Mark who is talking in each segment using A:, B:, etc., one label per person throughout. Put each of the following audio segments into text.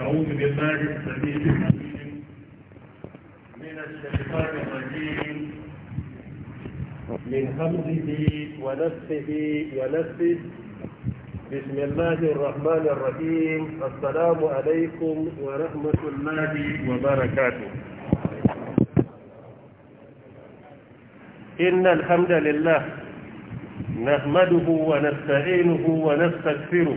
A: أعوذ بالله السميع العليم
B: من الشيطان
A: الرجيم من همزه ونفسه ونفسه بسم الله الرحمن الرحيم السلام عليكم ورحمة الله وبركاته إن الحمد لله نحمده ونستعينه ونستغفره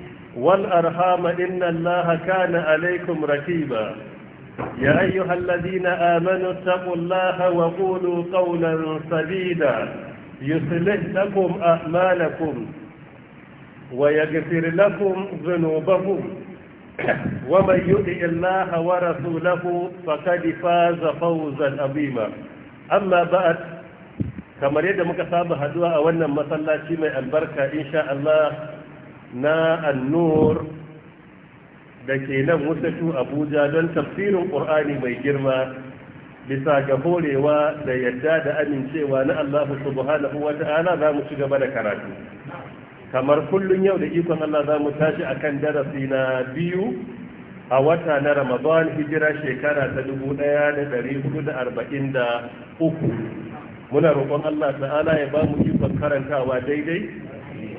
A: والأرحام إن الله كان عليكم ركيبا يا أيها الذين آمنوا اتقوا الله وقولوا قولا سديدا يصلح لكم أعمالكم ويغفر لكم ذنوبكم ومن يطع الله ورسوله فقد فاز فوزا عظيما أما بعد كما يدمك صاحب هدوء أولا مسلاتي من البركة إن شاء الله na annur da ke nan wasatu abuja don tafsirin ƙur'ani mai girma bisa ga horewa da yadda da amincewa na allah subhanahu wa ta'ala za mu ci gaba da karatu kamar kullum yau da ikon allah za mu tashi a kan darasi na biyu a wata na ramadan hijira shekara ta 1443 muna roƙon allah ta'ala ya ba mu ikon karantawa daidai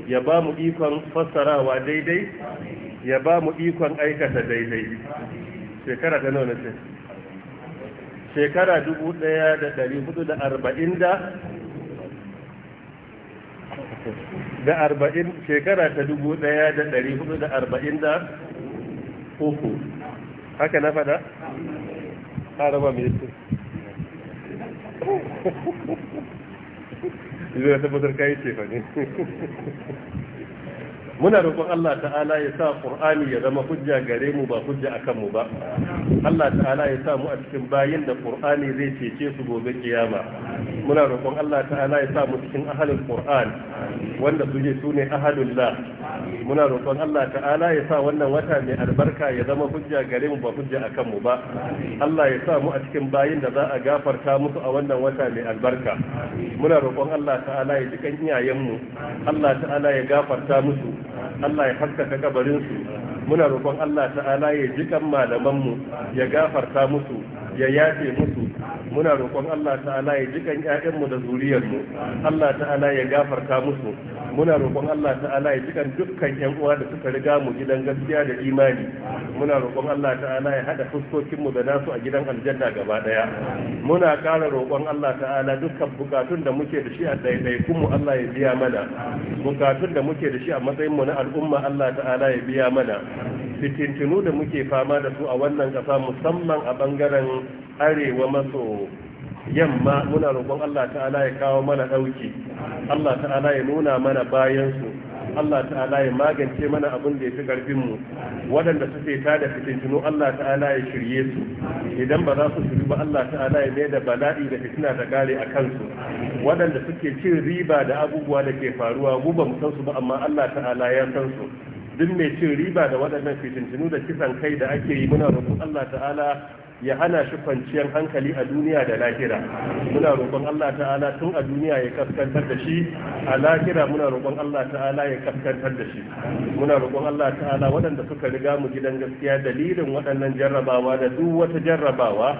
A: ya ba mu ikon fassarawa daidai ya ba mu ikon aikata daidai shekara ta nuna ce shekara 1440 da da arba'in shekara ta dubu daya da dari hudu da arba'in da uku haka na faɗa? haraba mai yake zai tabbatar kayi ce fa muna roƙon Allah ta'ala ya sa Qur'ani ya zama hujja gare mu ba hujja akan mu ba Allah ta'ala ya sa mu a cikin bayin da Qur'ani zai cece su gobe kiyama muna roƙon Allah ta'ala ya sa mu cikin ahalin Qur'an wanda su je sune ahalullah muna roƙon Allah ta'ala ya sa wannan wata mai albarka ya zama hujja gare mu ba hujja akan mu ba Allah ya sa mu a cikin bayin da za a gafarta musu a wannan wata mai albarka muna roƙon Allah ta'ala ya ji kan iyayen mu Allah ta'ala ya gafarta musu Allah ya haskaka kabarinsu muna roƙon Allah ta'ala ya malaman malamanmu ya gafarta musu ya yafe musu muna roƙon Allah ta'ala ya jikan ƴaƴanmu da zuriyarmu Allah ta'ala ya gafarta musu muna roƙon Allah ta'ala ya jikan dukkan ƴan uwa da suka riga mu gidan gaskiya da imani muna roƙon Allah ta'ala ya hada fuskokin mu da nasu a gidan aljanna gaba daya muna ƙara roƙon Allah ta'ala dukkan bukatun da muke da shi a ɗaiɗaikun mu Allah ya biya mana bukatun da muke da shi a matsayin mu na al'umma Allah ta'ala ya biya mana fitintinu da muke fama da su a wannan ƙasa musamman a bangaren arewa maso yamma muna roƙon Allah ta'ala ya kawo mana ɗauki Allah ta'ala ya nuna mana bayansu Allah ta'ala ya magance mana abin da ya fi ƙarfinmu waɗanda suke ta da fitintunu Allah ta'ala ya shirye su idan ba za su shiru ba Allah ta'ala ya mai da bala'i da fitina da kare a kansu waɗanda suke cin riba da abubuwa da ke faruwa mu ba mu san su ba amma Allah ta'ala ya san su duk mai cin riba da waɗannan fitintunu da kisan kai da ake yi muna roƙon Allah ta'ala ya hana shi kwanciyar hankali a duniya da lahira muna roƙon Allah ta'ala tun a duniya ya kaskantar da shi a lahira muna roƙon Allah ta'ala ya kaskantar da shi muna roƙon Allah ta'ala waɗanda suka riga mu gidan gaskiya dalilin waɗannan jarrabawa da duk wata jarrabawa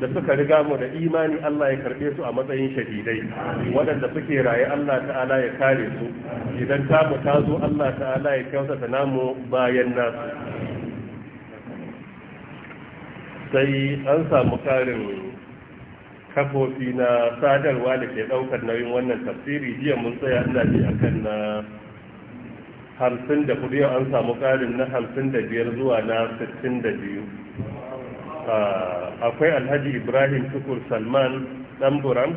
A: da suka riga mu da imani Allah ya karbe su a matsayin shahidai waɗanda suke raye Allah ta'ala ya kare su idan ta mu ta zo Allah ta'ala ya kyautata namu bayan nasu sai an samu karin kafofi na sadarwa da ke daukar nauyin wannan tafsiri jiya mun tsaya ina ji akan na hamsin da kudu yau an samu karin na hamsin da biyar zuwa na sittin da biyu akwai alhaji ibrahim tukur salman dan buram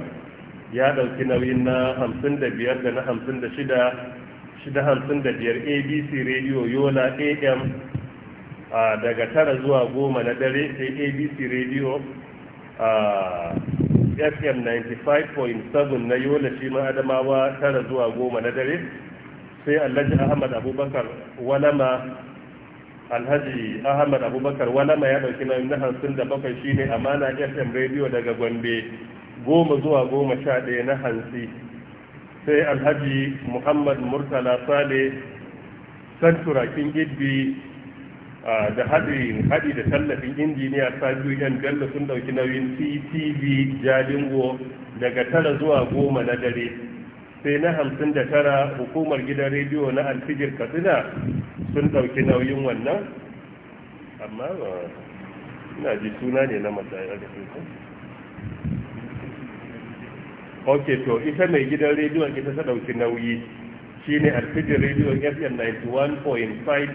A: ya dauki nauyin na hamsin da biyar da na hamsin da shida shida hamsin da biyar abc radio yola am daga tara zuwa goma na dare ta abc radio fm 95.7 na yola shi ma adamawa tara zuwa goma na dare sai alhaji ahmad abubakar walama alhaji ahmad abubakar walama ya ɗauki nauyin na hansun da bakwai shine amana fm radio daga gombe goma zuwa goma sha ɗaya na hansi sai alhaji muhammad murtala sale santurakin gidbi Ah, da haɗi da tallafin injiniya sabiu yan bello sun ɗauki nauyin ttv jalingo daga tara zuwa goma na dare sai na hamsin da tara hukumar gidan rediyo na alfijir katsina sun ɗauki nauyin wannan amma ina ji suna ne na matsayar da ok to ita mai gidan rediyon ita ta ɗauki nauyi shine alfijir rediyon fm 91.5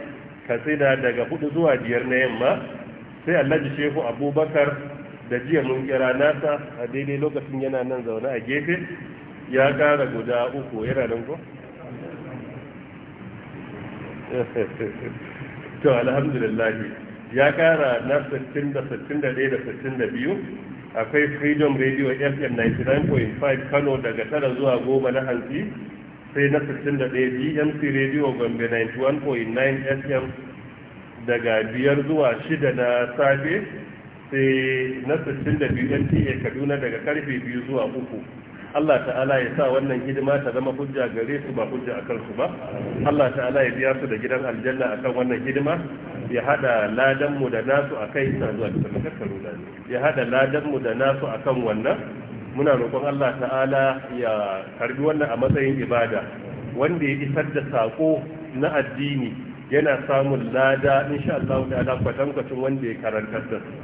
A: katsina daga hudu zuwa biyar na yamma sai alhaji shehu abubakar da jiya mun kira nasa a daidai lokacin yana nan zaune a gefe ya kara guda uku yana nan ko to alhamdulillah ya kara na 60 da 61 da 62 akwai freedom radio fm 99.5 kano daga tara zuwa goma na hantsi sai na 61 bmc radio gombe 91.9 fm daga biyar zuwa shida na safe sai na 62 mta kaduna daga karfe biyu zuwa uku Allah ta'ala ya sa wannan hidima ta zama hujja gare su ba hujja a kansu ba Allah ta'ala ya biya su da gidan aljanna akan wannan hidima ya hada ladan mu da nasu akai ina zuwa da makasaru da ya hada ladan mu da nasu akan wannan muna roƙon Allah ta'ala ya karbi wannan a matsayin ibada wanda ya isar da sako na addini yana samun lada insha Allah ta'ala kwatankwacin wanda ya karantar da su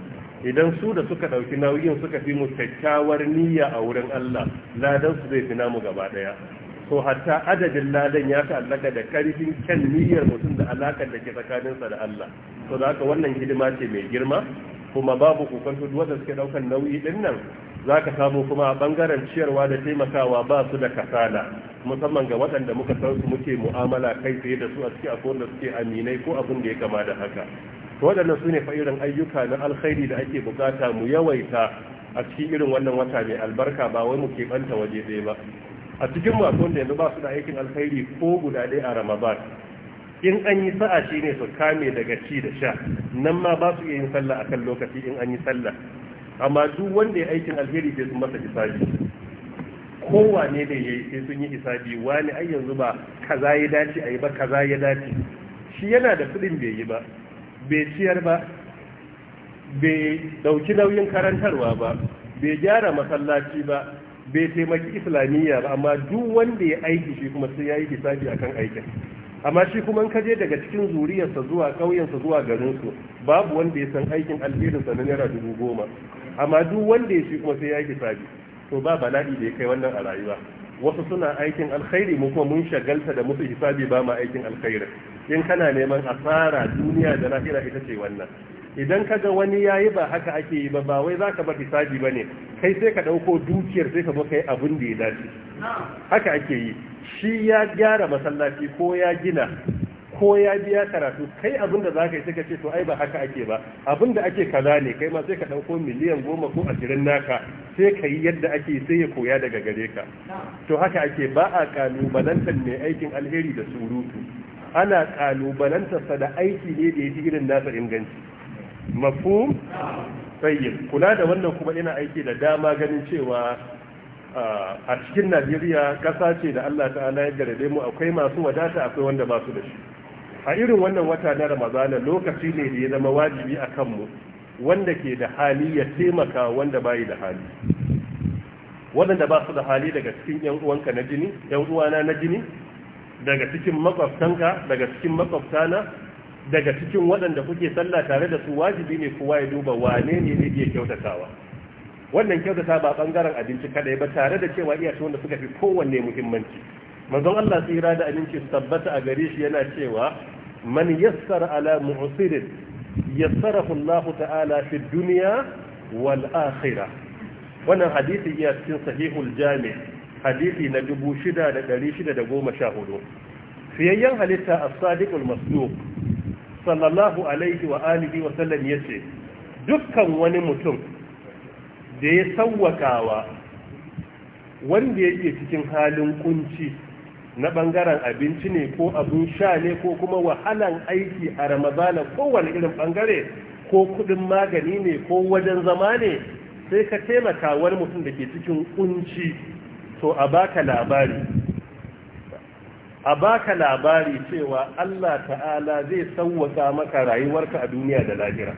A: idan su da suka ɗauki nauyin suka fi mu kyakkyawar niyya a wurin Allah ladan su zai fi namu gaba ɗaya so hatta adadin ladan ya ta'allaka da karfin kyan niyyar mutum da alakar da ke tsakaninsa da Allah so da haka wannan hidima ce mai girma kuma babu duk wanda suke ɗaukar nauyi ɗin nan za ka samu kuma a ɓangaren ciyarwa da taimakawa ba su da kasala musamman ga waɗanda muka san su muke mu'amala kai tsaye da su a cikin akwai da suke aminai ko abin da ya kama da haka to waɗannan su ne fa'irin ayyuka na alkhairi da ake bukata mu yawaita a cikin irin wannan wata mai albarka ba wai mu banta waje ɗaya ba a cikin masu wanda yanzu ba su da aikin alkhairi ko guda ɗaya a ramadan in an yi sa'a shine su kame daga ci da sha nan ma ba su iya yin sallah akan lokaci in an yi sallah amma duk wanda ya aikin alheri sai sun masa hisabi kowa ne sai sun yi hisabi wani ai yanzu ba kaza ya dace yi ba kaza ya dace shi yana da kudin bai yi ba bai ciyar ba bai dauki nauyin karantarwa ba bai gyara masallaci ba bai taimaki islamiyya ba amma duk wanda ya aiki shi kuma sai ya yi hisabi akan aikin amma shi kuma ka je daga cikin zuriyarsa zuwa ƙauyensa zuwa garinsu babu wanda ya san aikin alherinsa na naira dubu goma amma duk wanda ya shi kuma sai ya yi hisabi to ba bala'i da ya kai wannan a rayuwa wasu suna aikin alkhairi mu kuma mun shagalta da musu hisabi ba ma aikin alkhairi in kana neman asara duniya da lahira ita ce wannan idan ka ga wani yayi ba haka ake yi ba ba wai zaka bar hisabi ba ne. kai sai ka ɗauko dukiyar sai ka zo kai abin da ya dace haka ake yi shi ya gyara masallaci ko ya gina ko ya biya karatu kai abin da za ka yi suka ce to ai ba haka ake ba abin da ake kaza ne kai ma sai ka ɗauko miliyan goma ko ashirin naka sai ka yi yadda ake sai ya koya daga gare ka to haka ake ba a kalubalantar mai aikin alheri da surutu ana kalubalantarsa da aiki ne da ya fi irin nasa inganci mafhum tsayin kula da wannan kuma ina aiki da dama ganin cewa a cikin najeriya ƙasa ce da allah ta'ala ya gare mu akwai masu wadata akwai wanda ba su da shi a irin wannan wata na ramadana lokaci ne da ya zama wajibi a kanmu wanda ke da hali ya taimaka wanda bayi da hali waɗanda ba su da hali daga cikin yan uwanka na jini yan uwana na jini daga cikin makwabtanka daga cikin makwabtana daga cikin waɗanda kuke sallah tare da su wajibi ne kowa ya duba wane ne ne ke kyautatawa wannan kyautata ba bangaren abinci kadai ba tare da cewa iya wanda suka fi kowanne muhimmanci manzon Allah tsira da abinci su tabbata a gare shi yana cewa man yassara ala mu'sirin yassarahu Allah ta'ala fi dunya wal akhira wannan hadisi ya cikin sahihul jami hadisi na 6614 fiyayyen halitta as-sadiqul masduq sallallahu alaihi wa alihi wa sallam yace dukkan wani mutum da ya sawwakawa wanda ya iya cikin halin ƙunci. na bangaren abinci ne ko abin sha ne ko kuma wahalan aiki a ramadana kowane irin bangare ko kudin magani ne ko wajen zama ne sai ka taimaka wani mutum da ke cikin kunci to a baka labari a baka labari cewa Allah ta'ala zai sauwaka maka rayuwarka a duniya da lahira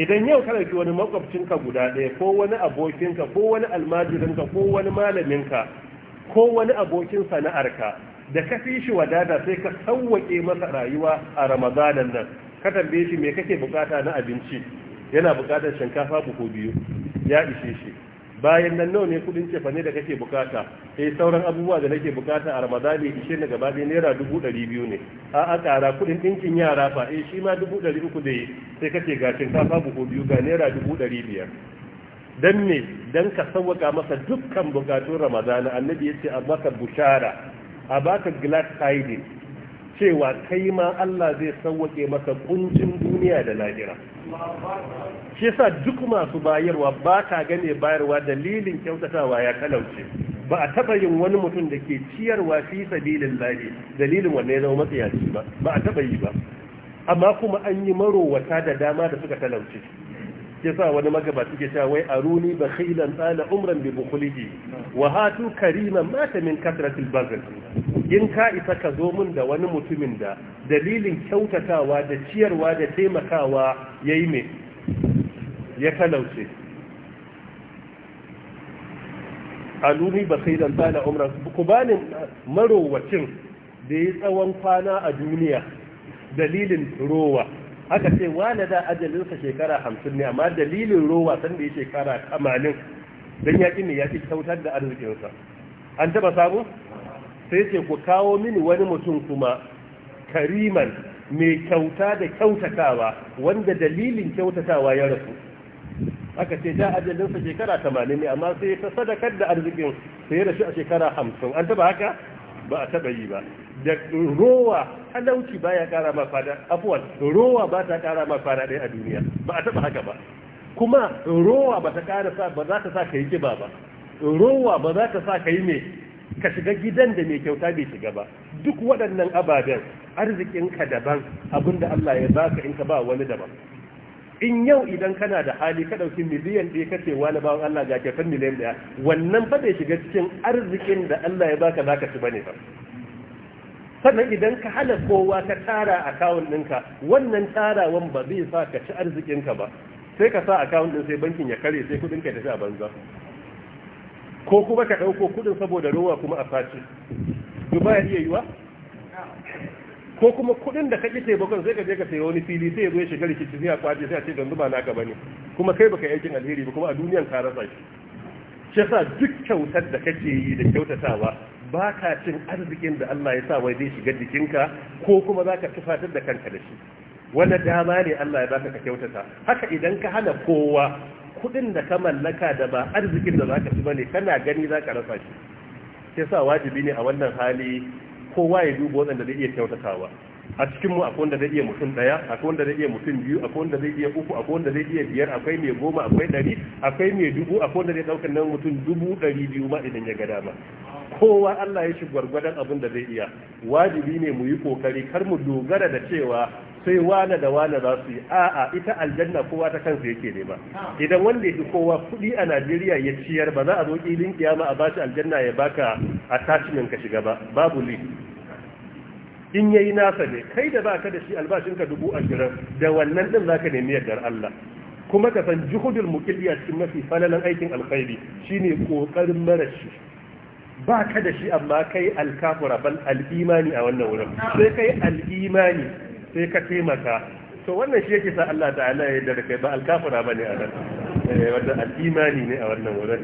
A: idan yau ka ki wani makwabcinka guda ɗaya ko wani abokinka ko wani almajirinka ko wani malaminka ko wani abokin sana'arka da ka fi shi wadata sai ka sauwaƙe masa rayuwa a ramadanan nan ka tambaye shi me kake bukata na abinci yana bukatar shinkafa buhu biyu ya ishe shi bayan nan nawa ne kudin cefa ne da kake bukata sai eh, sauran abubuwa da nake bukata a ramadani ishe na gaba ɗaya naira dubu ɗari biyu ne a a ƙara kudin ɗinkin yara fa eh shi ma dubu ɗari uku da sai kake ga shinkafa buhu biyu ga naira dubu ɗari biyar dan ne dan ka sauwaka masa dukkan bukatun ramadana annabi ya ce a maka bushara a baka glad tidings cewa kai ma Allah zai sauwake maka kuncin duniya da lahira shi sa duk masu bayarwa ba ka gane bayarwa dalilin kyautatawa ya talauce ba a taɓa yin wani mutum da ke ciyarwa fi sabilin lahi dalilin wanne ya zama matsayaci ba ba a taɓa yi ba amma kuma an yi marowata da dama da suka talauce shi yasa wani magabaci ke cewa wai aruni bakhilan tsala umran bi bukhulihi wa hatu kariman mata min kasratil bazl in ka isa ka zo mun da wani mutumin da dalilin kyautatawa da ciyarwa da taimakawa yayi me ya talauce aluni bakhilan tsala umran ku bani marowacin da ya tsawon kwana a duniya dalilin rowa aka ce wane da ajalinsa shekara hamsin ne amma dalilin rowa san da ya shekara kamalin don yaƙi ne ya fi kyautar da arzikinsa an taba samu sai ce ku kawo mini wani mutum kuma kariman mai kyauta da kyautatawa wanda dalilin kyautatawa ya rasu aka ce da ajalinsa shekara tamanin ne amma sai ta sadakar da arzikin sai ya rasu a shekara hamsin an taɓa haka ba a taɓa yi ba da rowa halauci ba ya kara ma fada afuwan rowa ba ta kara ma fada ɗaya a duniya ba a taɓa haka ba kuma rowa ba ta kara sa ba za ta sa ka yi kiba ba rowa ba za ta sa ka yi mai ka shiga gidan da mai kyauta bai shiga ba duk waɗannan ababen arzikinka daban da Allah ya baka in ka ba wani daban in yau idan kana da hali ka ɗauki miliyan ɗaya kace wani bawan Allah ga kyautar miliyan ɗaya wannan fa bai shiga cikin arzikin da Allah ya baka zaka ci bane ba sannan idan ka hana kowa ka tara akawun ɗinka wannan tarawan ba zai sa ka ci arzikinka ba sai ka sa akawun ɗin sai bankin ya kare sai kuɗin ka tafi a banza ko kuma ka ɗauko kuɗin saboda rowa kuma a face duba ya iya yiwa ko kuma kuɗin da ka ƙi taimakon sai ka je ka sayi wani fili sai ya zo ya shiga rikici sai a kwace sai a ce don zuba naka bane kuma kai baka aikin alheri ba kuma a duniyan ka rasa shi shi yasa duk kyautar da kake yi da kyautatawa ba ka cin arzikin da Allah ya sa wai zai shiga jikinka ko kuma za ka tufatar da kanka da shi wanda dama ne Allah ya baka ka kyautata haka idan ka hana kowa kudin da ka mallaka da ba arzikin da za ka ci bane kana gani za ka rasa shi ke sa wajibi ne a wannan hali kowa ya duba waɗanda zai iya kyautatawa a cikin mu akwai wanda zai iya mutum daya akwai wanda zai iya mutum biyu akwai wanda zai iya uku akwai wanda zai iya biyar akwai mai goma akwai dari akwai mai dubu akwai wanda zai daukar nan mutum dubu dari biyu ma idan ya ga dama kowa Allah ya shi gwargwadon abin da zai iya wajibi ne mu yi kokari kar mu dogara da cewa sai wane da wane za su yi a'a ita aljanna kowa ta kansa yake ne ba idan wanda yake kowa kuɗi a Najeriya ya ciyar ba za a zo kilin kiyama a bashi aljanna ya baka attachment ka shiga ba babu ne in yayi nasa ne kai da baka da shi albashinka dubu ashirin da wannan din zaka nemi yardar Allah kuma ka san juhudul muqilliya cikin mafi falalan aikin alkhairi shine kokarin marashi baka da shi amma kai alkafura bal al'imani a wannan wurin sai kai al'imani sai ka taimaka to wannan shi yake sa Allah ta'ala ya yarda da kai ba alkafura bane a nan eh wannan al'imani ne a wannan wurin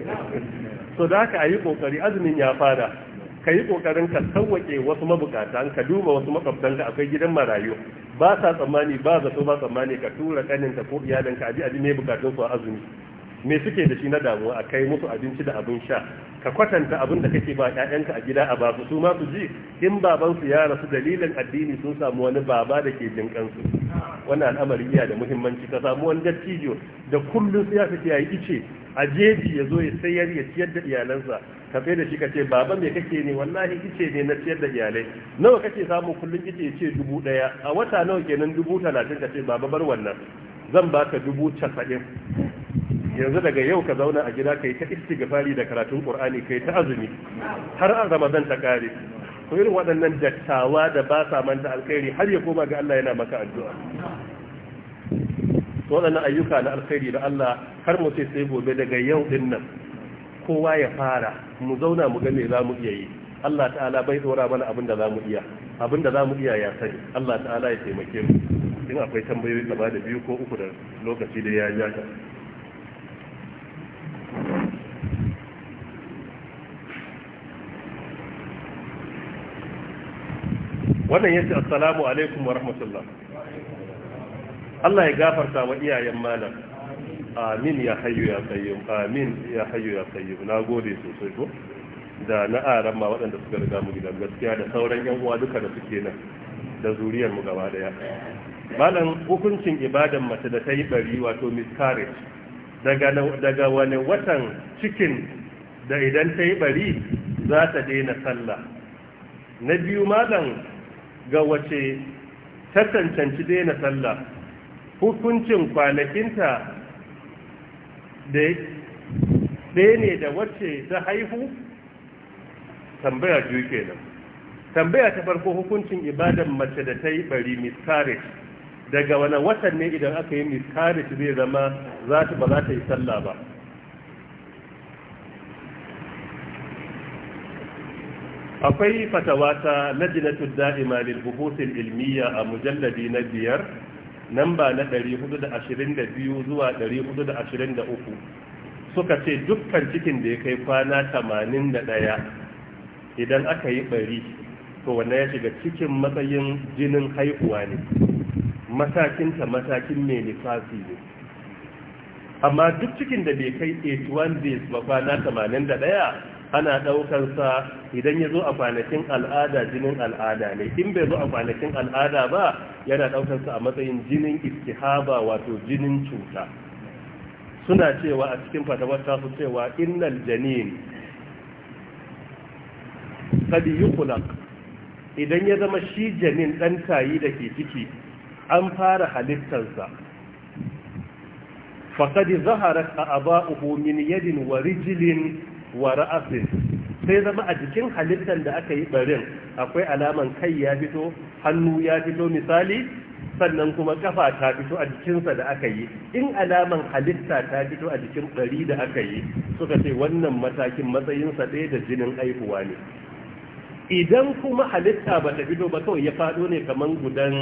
A: so da haka ayi kokari azumin ya fara ka yi kokarin ka sauwaƙe wasu mabukatan ka duba wasu ka akwai gidan marayu ba sa tsammani ba zato ba tsammani ka tura ƙaninka ko iyalinka abi abi mai bukatun su a azumi me suke da shi na damuwa a kai musu abinci da abin sha ka kwatanta abin da kake ba ƴaƴanka a gida a basu su ma su ji in baban su ya rasu dalilin addini sun samu wani baba da ke jin kansu wannan al'amari iya da muhimmanci ka samu wani dattijo da kullum sai ya fita yayi ice a jeji ya zo ya sayar ya ciyar da iyalansa ka tsaye da shi ka ce baba me kake ne wallahi ice ne na ciyar da iyalai nawa kake samu kullum ice ce dubu daya a wata nawa kenan dubu talatin ka ce baba bar wannan zan baka dubu casa'in yanzu daga yau ka zauna a gida ka yi ta istighfari da karatun qur'ani kai ta azumi har an ramadan ta kare to irin waɗannan dattawa da ba sa manta alkhairi har ya koma ga Allah yana maka addu'a to waɗannan ayyuka na alkhairi da Allah har mu sai sai gobe daga yau dinnan. kowa ya fara mu zauna mu ga me za mu iya yi Allah ta'ala bai tsora mana abin da za mu iya abin da za mu iya ya sani Allah ta'ala ya taimake mu in akwai tambayoyi gaba da biyu ko uku da lokaci da ya ja ta wannan yace assalamu alaikum wa rahmatullah Allah ya gafarta wa iyayen malam amin ya hayu ya kayyum amin ya hayu ya kayyum na gode sosai ko da na aran ma waɗanda suka riga mu gidan gaskiya da sauran yan uwa duka da suke nan da zuriyar mu gaba daya malam hukuncin ibadan mace da ta yi bari wato miscarriage daga daga wani watan cikin da idan ta yi bari za ta daina sallah na biyu malam ga wace ta cancanci daina sallah hukuncin kwanakinta ɗaya ne da wacce ta haihu tambaya biyu kenan tambaya ta farko hukuncin ibadan mace da ta yi bari miscarriage daga wani watan ne idan aka yi miscarriage zai zama za ta ba za ta yi sallah ba akwai fatawa ta lajinatu da'ima lil buhusin ilmiya a mujalladi na biyar namba na 422 zuwa 423 suka ce dukkan cikin da ya kai kwana 81 idan aka yi bari to wannan ya shiga cikin matsayin jinin haihuwa ne matakinta matakin mai nifasi ne amma duk cikin da bai kai 81 days ba kwana 81 ana sa idan ya zo a kwanakin al'ada jinin al'ada ne in bai zo a kwanakin al'ada ba yana sa a matsayin jinin istihaba wato jinin cuta suna cewa a cikin fatawar su cewa innal janin kadi yukulak idan ya zama shi janin ɗan tayi da ke ciki an fara halittarsa zaharar zaharat aba'uhu min yadin wa rijlin wa ra'asin sai zama a jikin halittar da aka yi barin akwai alaman kai ya fito hannu ya fito misali sannan kuma kafa ta fito a jikinsa da aka yi in alaman halitta ta fito a jikin bari da aka yi suka ce wannan matakin matsayinsa ɗaya da jinin aihuwa ne idan kuma halitta ba ta fito ba kawai ya faɗo ne kamar gudan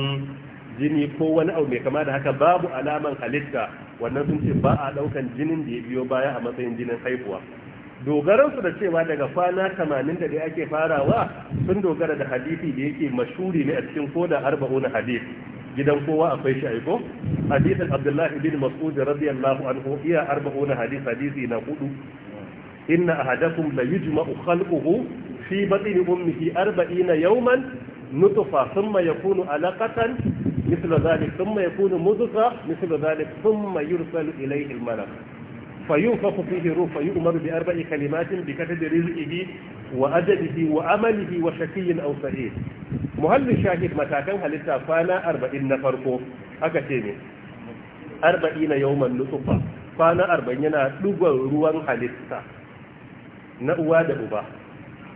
A: jini ko wani abu mai kama da haka babu alaman halitta wannan sun ce ba a ɗaukan jinin da ya biyo baya a matsayin jinin haihuwa dogaransu da cewa daga kwana da 81 ake farawa sun dogara da hadisi da yake mashuri ne a cikin koda arba'una hadith gidan kowa akwai shi aiko hadisin abdullahi bin mas'ud radiyallahu anhu iya arba'una hadith hadisi na hudu inna ahadakum la yujma'u khalquhu fi batni ummihi 40 yawman nutfa thumma yakunu alaqatan mithla dhalik thumma yakunu mudghah mithla dhalik thumma yursalu ilayhi al-malak فينفخ فيه روح فيؤمر بأربع كلمات بكتب رزقه وأدبه وعمله وشكي أو سعيد muhallin shahid matakan halitta kwana arba'in na farko aka ce ne arba'i na yawman nutufa kwana arba'in yana dugon ruwan halitta na uwa da uba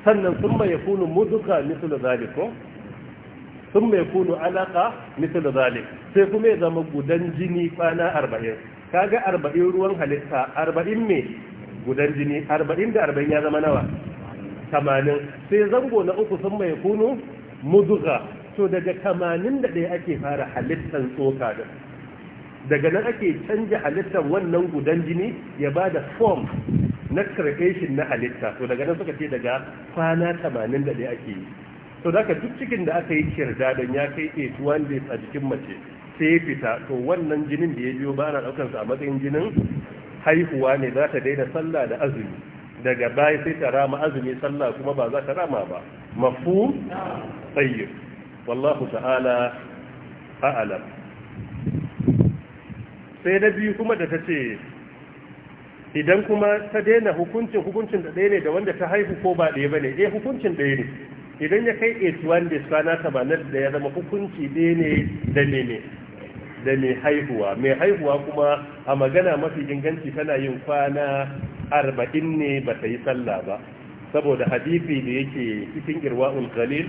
A: sannan sun mai kunu muduka misal zalik ko sun mai kunu alaka misal sai kuma ya zama gudan jini kwana arba'in kaga arba'in ruwan halitta arba'in me gudan jini arba'in da arba'in ya zama nawa tamanin sai zango na uku sun mai kunu muduga to daga tamanin da ɗaya ake fara halittan tsoka da daga nan ake canja halittan wannan gudan jini ya ba da form na creation na halitta to daga nan suka ce daga kwana tamanin da ɗaya ake yi to daga duk cikin da aka yi kirda don ya kai 81 days a jikin mace sai ya fita to wannan jinin da ya biyo ba na ɗaukansa a matsayin jinin haihuwa ne za ta daina sallah da azumi daga baya sai ta rama azumi sallah kuma ba za ta rama ba mafu tsayyir wallahu ta'ala a'alam sai na biyu kuma da ta ce idan kuma ta daina hukuncin hukuncin da ɗaya ne da wanda ta haihu ko ba ɗaya ba ne eh hukuncin ɗaya ne idan ya kai 81 days kwana 80 da ya zama hukunci ɗaya ne da mene da mai haihuwa mai haihuwa kuma a magana mafi inganci tana yin kwana arba'in ne ba ta yi sallah ba saboda hadisi da yake cikin irwa'ul galil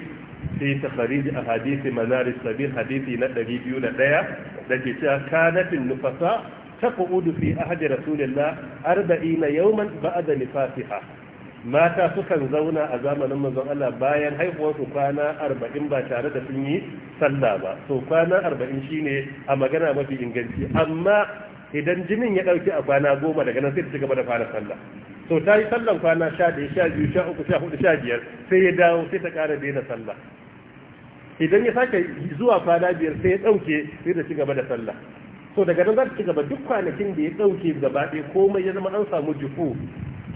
A: sai ta kharij a hadisi manaris sabir hadisi na 201 da ke cewa nafin nufasa ta ku'udu fi ahadi rasulillah arba'ina da ba'da nifasiha mata sukan zauna a zamanin manzon Allah bayan haihuwarsu kwana arba'in ba tare da sun yi sallah ba so kwana arba'in shine a magana mafi inganci amma idan jinin ya ɗauki a kwana goma daga nan sai ta gaba da fara sallah so ta yi sallan kwana sha ɗaya sha biyu sha uku sha hudu sha biyar sai ya dawo sai ta ƙara daina sallah idan ya sake zuwa kwana biyar sai ya ɗauke sai ta ci gaba da sallah so daga nan za ta ci gaba duk kwanakin da ya ɗauke gaba ɗaya komai ya zama an samu jufu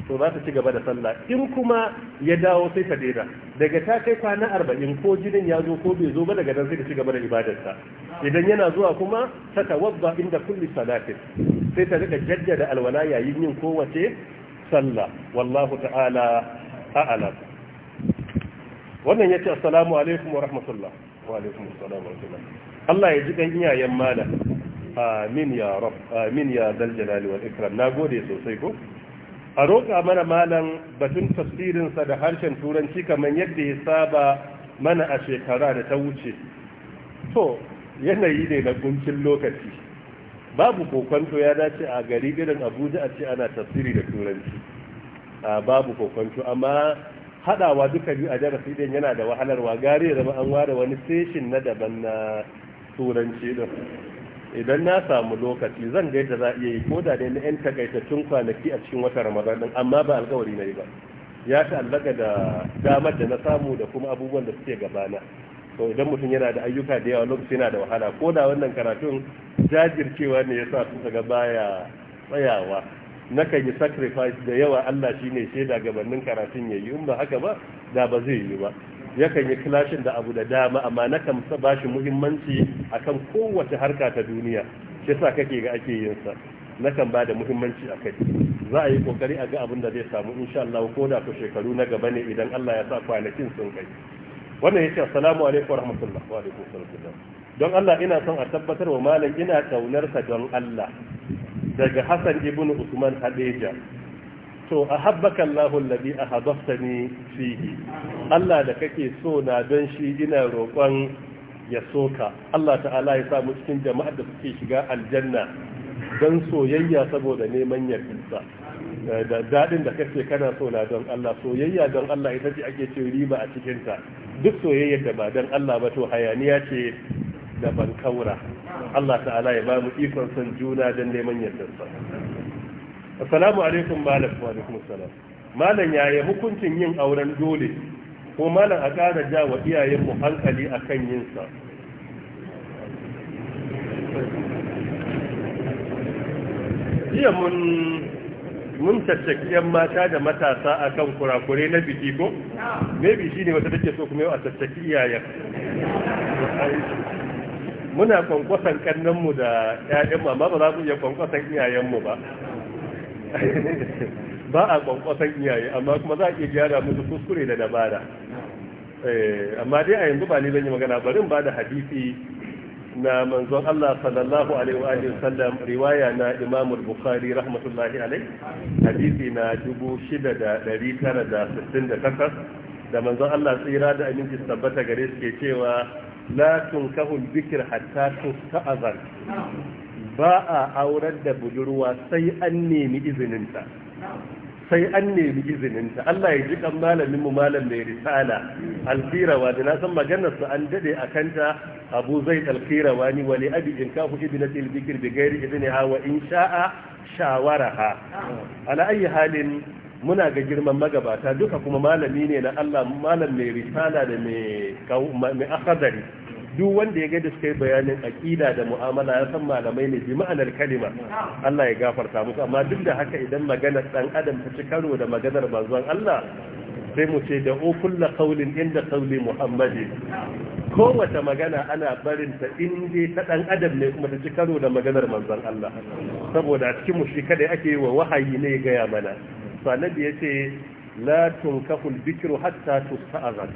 A: to za ta ci gaba da sallah in kuma ya dawo sai ta daina daga ta kai kwana arba'in ko jinin ya zo ko bai zo ba daga nan sai ta ci gaba da ibadarsa idan yana zuwa kuma ta tawadda inda kulli salatin sai ta rika jaddada alwala yayin yin kowace sallah wallahu ta'ala a'ala wannan ce assalamu alaikum wa rahmatullah wa alaikum assalam wa rahmatullah Allah ya ji dan iyayen malam amin ya rab amin ya dal jalali wal ikram nagode sosai ko a roƙa mana malam batun tafsirinsa da harshen turanci kamar yadda ya saba mana a shekara da ta wuce to yanayi ne na kuncin lokaci babu kokonto ya dace a gari irin abuja a ce ana tafsiri da turanci a babu kokonto amma haɗawa duka biyu a darasi idan yana da wahalarwa gari ya zama an ware wani seshin na daban na turanci idan na samu lokaci zan ga yadda za a iya yi ko da dai na 'yan takaitattun kwanaki a cikin watan ramadan din amma ba alkawari na yi ba ya ta'allaka da damar da na samu da kuma abubuwan da suke gabana to idan mutum yana da ayyuka da yawa lokaci yana da wahala ko da wannan karatun jajircewa ne ya sa su ga baya tsayawa nakan yi sacrifice da yawa Allah shine shaida gabanin karatun yayi in ba haka ba da ba zai yi ba yakan yi kilashin da abu da dama amma na kan ba shi muhimmanci akan kowace harka ta duniya shi sa kake ga ake yin sa na kan ba da muhimmanci a kai za a yi kokari a ga abin da zai samu insha Allah ko da ku shekaru na gaba ne idan Allah ya sa kwanakin sun kai wannan yake assalamu alaikum warahmatullahi wa alaikum don Allah ina son a tabbatar wa malam ina kaunar sa don Allah daga Hassan ibn Usman Hadeja to a habbaka Allahun labi a habbasta ne fihi Allah da kake so na don shi ina roƙon ya soka Allah ta'ala ya samu cikin jama'a da suke shiga aljanna don soyayya saboda neman yarfinsa da daɗin da kake kana so na don Allah soyayya don Allah ita ce ake ce riba a cikinta duk soyayyar da ba don Allah ba to hayaniya ce da ban kaura Allah ta'ala ya ba mu ikon son juna don neman ba. assalamu alaikum malam wa alaikum assalam malam yaya hukuncin yin auren dole ko malam a ƙara ja wa iyayen mu hankali akan yin sa jiya mun mun tattaki yan mata da matasa akan kurakure na biki ko maybe shine wata take so kuma yau a tattaki iyayen muna kwankwasan kannanmu da 'ya'yanmu amma ba za mu iya kwankwasan iyayenmu ba ba a kwankwasan iyaye amma kuma za a iya gyara musu kuskure da dabara eh, amma dai a yanzu ba ni zan yi magana barin ba da hadisi na manzon Allah sallallahu alaihi wa sallam riwaya na Imam al-Bukhari rahmatullahi alaihi hadisi na 6968 da manzon Allah tsira da aminci tabbata gare shi ke cewa la tunkahu dhikr hatta tusta'zan ba a aurar da budurwa sai an nemi izininta sai an nemi izininta Allah ya ji kan malamin mu malam mai risala alfirawa da na san maganar su an dade a kanta Abu Zaid alfirawa ni wali abi in kafu ibn al-bikr bi ghairi ha wa in sha'a shawaraha ala ayi halin muna ga girman magabata duka kuma malami ne na Allah malam mai risala da mai mai akhadari duk wanda ya ga da suka bayanin aƙida da mu'amala ya san malamai ne bi ma'anar kalima Allah ya gafarta musu amma duk da haka idan maganar dan adam ta ci karo da maganar manzon Allah sai mu ce da kulla qaulin inda qauli muhammadin wata magana ana barin ta in ta dan adam ne kuma ta ci karo da maganar manzon Allah saboda a cikin mu shi kada ake yi wa wahayi ne ga ya mana sanabi yace la al-bikru hatta tusta'azan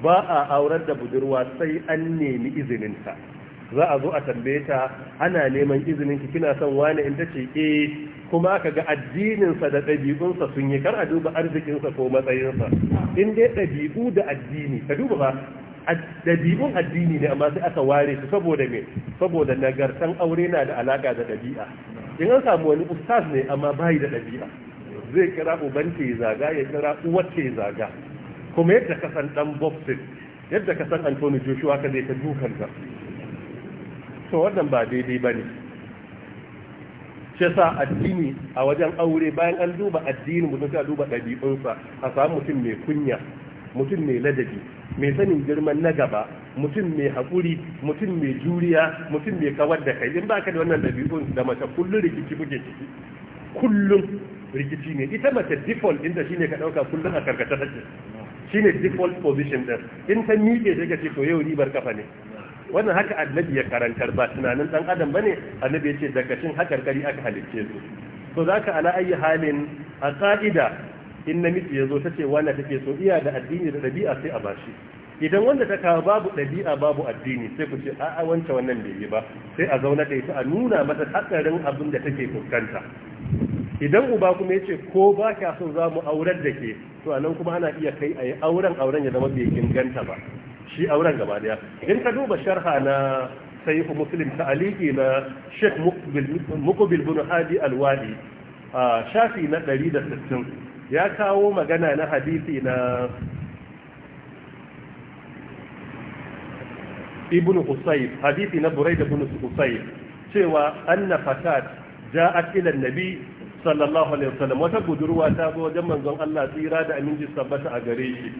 A: ba a aurar da budurwa sai an nemi izininta za a zo a tambaye ta ana neman izinin ki kina son wani in ce ke eh. kuma aka ga addininsa da ɗabi'unsa sun yi kar a duba arzikinsa ko matsayinsa in dai ɗabi'u da addini ka duba ba ɗabi'un addini ne amma sai aka ware su saboda me saboda nagartan aure na da alaka da ɗabi'a in an samu wani ustaz ne amma bai da ɗabi'a zai kira uban zaga ya kira uwar zaga kuma yadda ka san dan boxing yadda ka san Anthony Joshua ka zai ta dukan ka to wannan ba daidai bane shi yasa addini a wajen aure bayan an duba addini mutum sai a duba sa, a samu mutum mai kunya mutum mai ladabi mai sanin girman na gaba mutum mai haƙuri mutum mai juriya mutum mai kawar da kai in baka da wannan ɗabi'un da mace kullum rikici kuke ciki kullum rikici ne ita mace default inda shine ka ɗauka kullum a karkata take Shi ne default position ɗin, in ta miƙe sai ka ce to yau ribar kafa ne wannan haka annabi ya karantar ba tunanin ɗan adam ba ne. annabi ya ce daga cin kari aka halicce su to za ka ala ayi halin a ƙa'ida? in namiji ya zo ta ce wannan take so iya da addini da ɗabi'a sai a bashi idan wanda ta kawo babu ɗabi'a babu addini sai ku ce a'a wancan wannan bai yi ba sai a zauna da ita a nuna mata haɗarin abin da take fuskanta idan uba kuma yace ko ba ka so za mu aurar da ke to a nan kuma ana iya kai a yi auren auren ya zama bai inganta ba shi auren gaba daya In ka duba sharha na sayyidu muslim ta aliki na sheikh muqbil bin hadi alwadi a shafi na 160 ya kawo magana na hadisi na ibn Husayb hadisi na Buraida bin Husayb cewa anna fatat جاءت ila النبي sallallahu alaihi wasallam wata budurwa ta zo wajen manzon Allah tsira da aminci sabbata a gare shi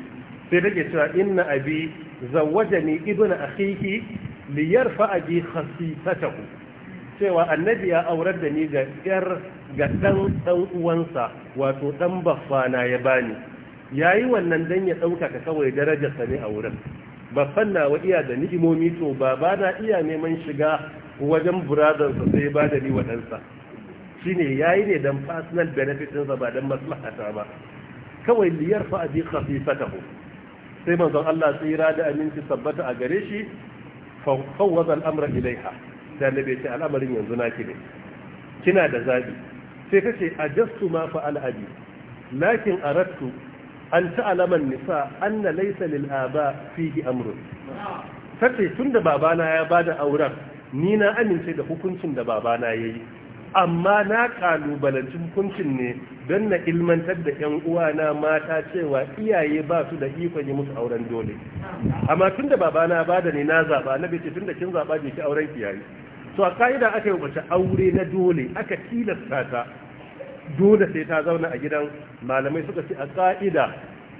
A: sai take cewa inna abi zawajani ibnu akhihi li yarfa bi khasifatahu cewa annabi ya aurar da ni ga yar ga dan dan uwansa wato dan baffana ya bani yayi wannan dan ya dauka ka kawai darajarsa ne a wurin baffan na wa iya da ni'imomi to baba na iya neman shiga wajen sa sai ba da ni wadansa ya yayi ne dan personal benefit din ba dan maslahata ba kawai liyarfa bi khafifatahu sai manzon Allah tsira da aminci sabbata a gare shi fa fawwada ilaiha sai annabi ce al'amarin yanzu naki ne kina da zabi sai kace a ma fa al Lakin lakin aradtu an ta'alama nisa anna laysa lil aba fihi amrun tun da babana ya bada auren ni na amince da hukuncin da babana yayi amma na kalubalanci hukuncin ne don na ilmantar da 'yan uwana mata cewa iyaye ba su da ikon yi musu auren dole amma tun da babana ba da ne na zaɓa na bece tun da kin zaɓa je ki auren kiyaye. to a ka'ida aka yi wace aure na dole aka tilasta ta dole sai ta zauna a gidan malamai suka ce a ka'ida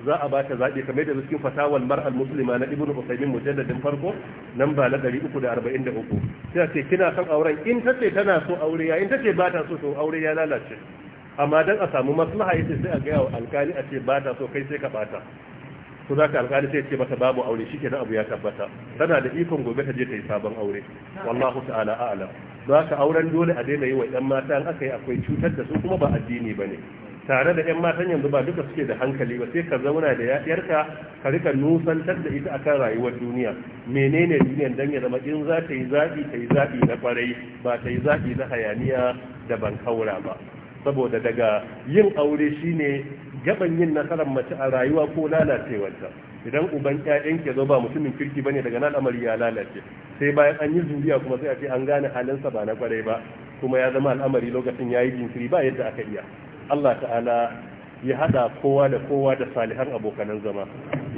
A: za a ba ta zaɓi kamar da cikin fatawal mar'al muslima na ibnu usaimin mujalladin farko nan ba na 343 sai ce kina son auren in tace tana so aure ya in tace ba so to aure ya lalace amma dan a samu maslaha yace sai a ga alkali a ce ba ta so kai sai ka bata to zaka alkali sai ce mata babu aure shi da abu ya tabbata tana da ikon gobe ta je ta yi sabon aure wallahu ta'ala a'lam zaka auren dole a daina yi wa 'yan mata an aka yi akwai cutar da su kuma ba addini bane tare da 'yan matan yanzu ba duka suke da hankali ba sai ka zauna da yarka ka rika nusantar da ita akan rayuwar duniya menene duniyar dan ya zama in za ta yi zaɓi ta yi zaɓi na kwarai ba ta yi zaɓi na hayaniya da ban kaura ba saboda daga yin aure shine gaban yin nasarar mace a rayuwa ko lalacewarta idan uban ƴaƴan ke zo ba mutumin kirki bane daga nan amari ya lalace sai bayan an yi zuriya kuma sai a ce an gane halinsa ba na kwarai ba kuma ya zama al'amari lokacin yayi jinkiri ba yadda aka iya Allah ta'ala ya hada kowa da kowa da salihan abokanan zama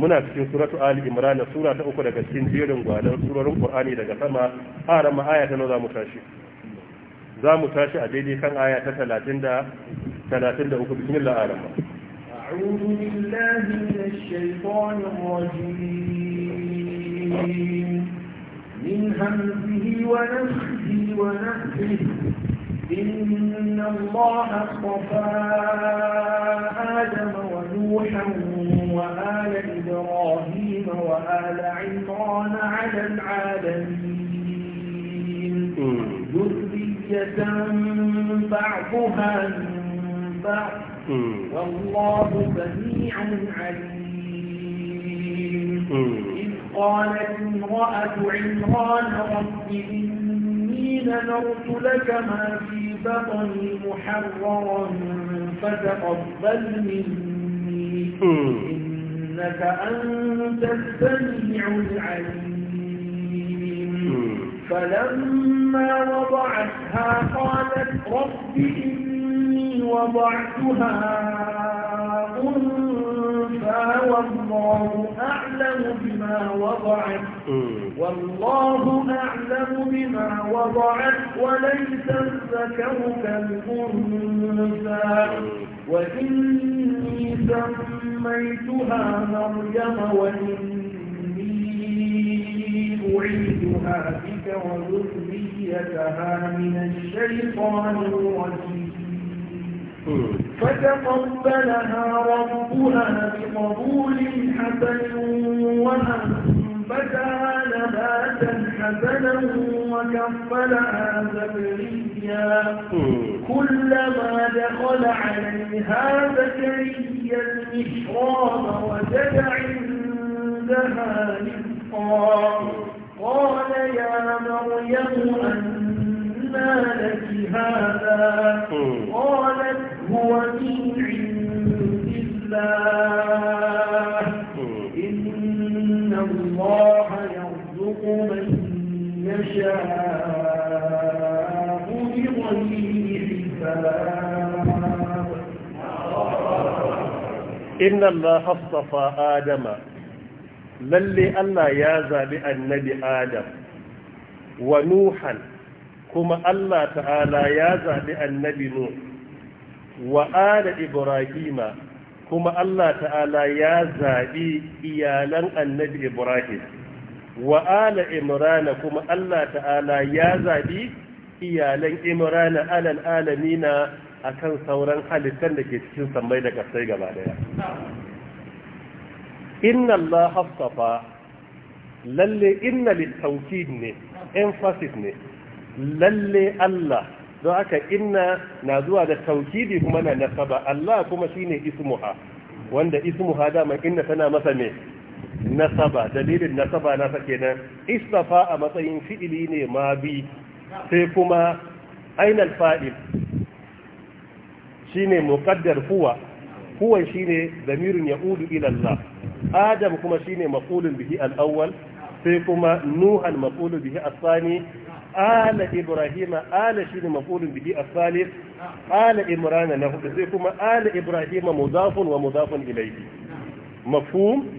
A: muna cikin suratu ali imran sura ta uku daga cikin jerin gwanan surorin qur'ani daga sama fara ma aya ta za mu tashi za mu tashi a daidai kan aya ta 30 da 33 bismillah arama
C: a'udhu billahi minash shaitanir rajim min hamzihi wa nafthihi wa nafthihi إن الله اصطفى آدم ونوحا وآل إبراهيم وآل عمران على العالمين ذرية بعضها من بعض والله سميع عليم إذ قالت امرأة عمران رب إن نذرت لك ما في بطني محررا فتقبل مني
B: إنك
C: أنت السميع العليم فلما وضعتها قالت رب إني وضعتها أنت وضعت والله أعلم بما وضعت وليس الذكر كالأنثى وإني سميتها مريم وإني أعيدها بك وذريتها من الشيطان الرجيم فتقبلها ربها بقبول حسن وأنبتها نباتا حسنا وكفلها زكريا كلما دخل عليها زكريا المحراب وجد عندها رزقا قال يا مريم أنى لك هذا قالت هو من الله إن الله يرزق من يشاء
A: إن الله اصطفى آدم للي الله يازى النبي آدم ونوحا كما الله تعالى يازى النبي نوح wa ala ibrahima kuma Allah ta'ala ya zaɓi iyalan annabi ibrahim wa ala imrana kuma Allah ta'ala ya zaɓi iyalan imrana alal alamina akan sauran halittar da ke cikin sammai da kasai gaba daya inna Allah hafsafa lalle inna littauki ne emphasis ne lalle Allah don haka inna na zuwa da taukidi kuma na nasaba Allah kuma shine ismuha wanda ismuha dama inna tana masa me nasaba dalilin nasaba na sake nan istafa a matsayin fi'ili ne ma bi sai kuma ainal fa'il shine muqaddar huwa huwa shine zamirun yaudu ila Allah adam kuma shine maf'ulun bihi al-awwal sai kuma nuhan maf'ulun bihi as-sani ala ibrahima ala shine maf'ulun bihi as-salif ala imran na hudu sai kuma ala ibrahima mudafun wa mudafun ilayhi mafhum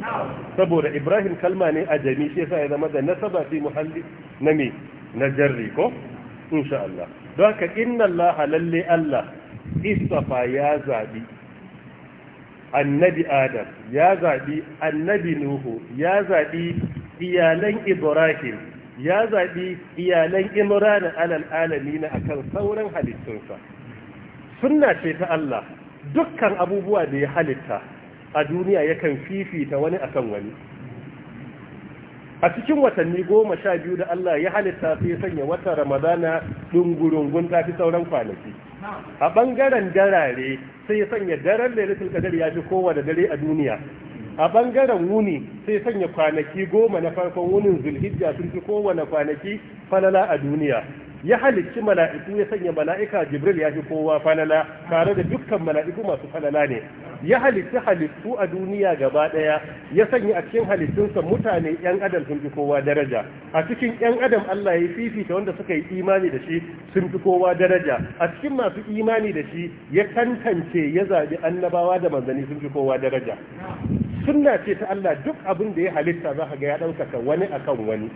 A: saboda ibrahim kalma ne a jami shi yasa ya zama da nasaba fi muhalli na me na jarri ko insha Allah don haka inna Allah lalle Allah istafa ya annabi adam ya annabi nuhu ya zaɓi iyalan ibrahim ya zaɓi iyalan imranin alal alamina akan sauran halittunsa suna ce ta Allah dukkan abubuwa da ya halitta a duniya yakan fifita wani akan wani a cikin watanni goma sha biyu da Allah ya halitta sai ya sanya wata ramadana dungurungun ta fi sauran kwanaki a ɓangaren darare sai ya sanya daren lailatul kadar ya fi kowane dare a duniya a bangaren wuni sai sanya kwanaki goma na farkon wunin zulhijja sun fi kowane kwanaki falala a duniya ya halicci mala'iku ya sanya mala'ika jibril ya fi kowa falala tare da dukkan mala'iku masu falala ne ya halicci halittu a duniya gaba daya ya sanya a cikin halittunsa mutane yan adam sun fi kowa daraja a cikin yan adam Allah ya fifita wanda suka yi imani da shi sun fi kowa daraja a cikin masu imani da shi ya tantance ya zabi annabawa da Manzani sun fi kowa daraja sunna ce ta Allah duk abin da ya halitta za ka ga ya ɗaukaka wani akan wani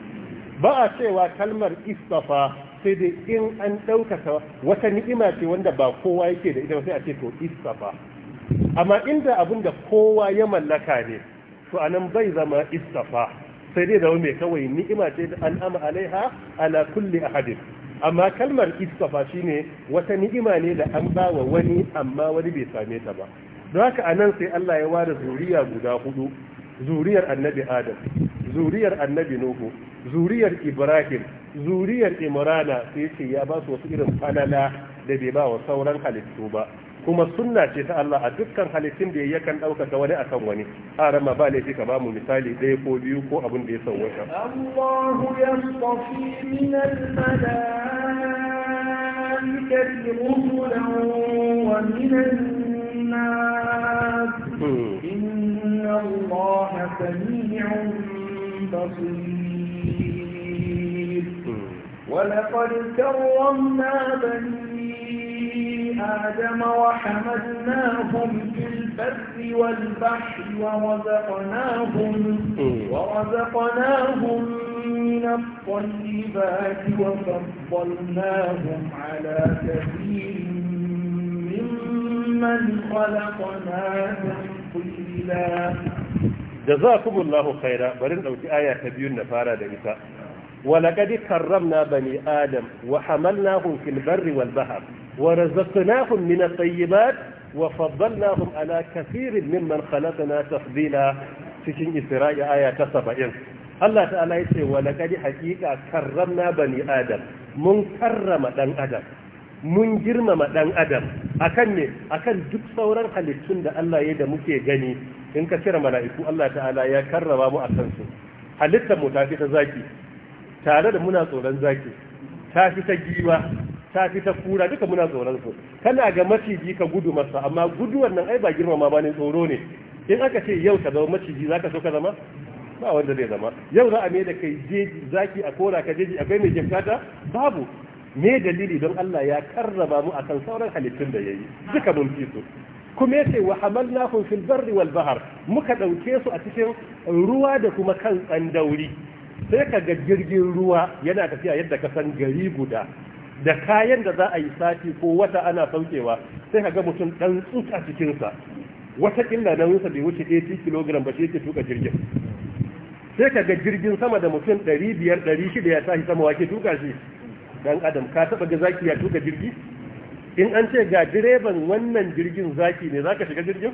A: ba a cewa kalmar istafa sai dai in an ɗaukaka wata ni'ima ce wanda ba kowa yake da ita sai a ce to ba amma inda abin da kowa ya mallaka ne to a nan bai zama istafa sai dai zama mai kawai ni'ima ce da an ama alaiha ala kulli ahadin amma kalmar istafa shine wata ni'ima ne da an ba wa wani amma wani bai same ta ba don haka a nan sai Allah ya ware zuriya guda hudu zuriyar annabi adam zuriyar annabi nuhu zuriyar ibrahim zuriyar imrana sai ce ya ba su wasu irin falala da bai ba wa sauran halittu ba kuma sunna ce ta Allah a dukkan halittun da yakan ɗaukaka wani akan wani haram ba laifi ka mu misali ɗaya ko biyu ko abin da ya sauwaka
C: Allahu yastafi min al-malaikati rusulan wa min an-nas hmm. inna sami'un basir ولقد كرمنا بني آدم وحمدناهم في البر والبحر ورزقناهم, ورزقناهم من الطيبات وفضلناهم على كثير ممن خلقنا تفضيلا
A: جزاكم الله خيرا برن أوتي آية كبير نفارة لإساء ولقد كرمنا بني آدم وحملناهم في البر والبحر ورزقناهم من الطيبات وفضلناهم على كثير ممن خلقنا تفضيلا cikin Isra'i ta 70 Allah ta'ala yace wa haƙiƙa karram na bani adam mun karrama ɗan adam mun girmama dan adam akan ne akan duk sauran halittun da Allah ya da muke gani in ka cire mala'iku Allah ta'ala ya karrama mu akan su halittar mu tafi ta zaki tare da muna tsoron zaki ta fi ta giwa ta fi ta kura duka muna tsoron su kana ga maciji ka gudu masa amma guduwar nan ai ba girmama ba ne tsoro ne in aka ce yau ka zama maciji zaka so ka zama ba wanda zai zama yau za a mai da kai jeji zaki a kora ka jeji akwai mai jefkata babu me dalili don Allah ya karrama mu akan sauran halittun da yayi duka mun fi su kuma yace wa hamalnahum fil barri wal bahr muka dauke su a cikin ruwa da kuma kan tsandauri sai ka ga jirgin ruwa yana tafiya yadda ka san gari guda da kayan da za a yi sati ko wata ana saukewa sai ka ga mutum dan tsuka cikin cikinsa wata ƙilla na wunsa bai wuce 80 kg ba shi yake tuka jirgin sai ka ga jirgin sama da mutum 500 600 ya tashi sama wake tuka shi dan adam ka taba ga zaki ya tuka jirgi in an ce ga direban wannan jirgin zaki ne zaka shiga jirgin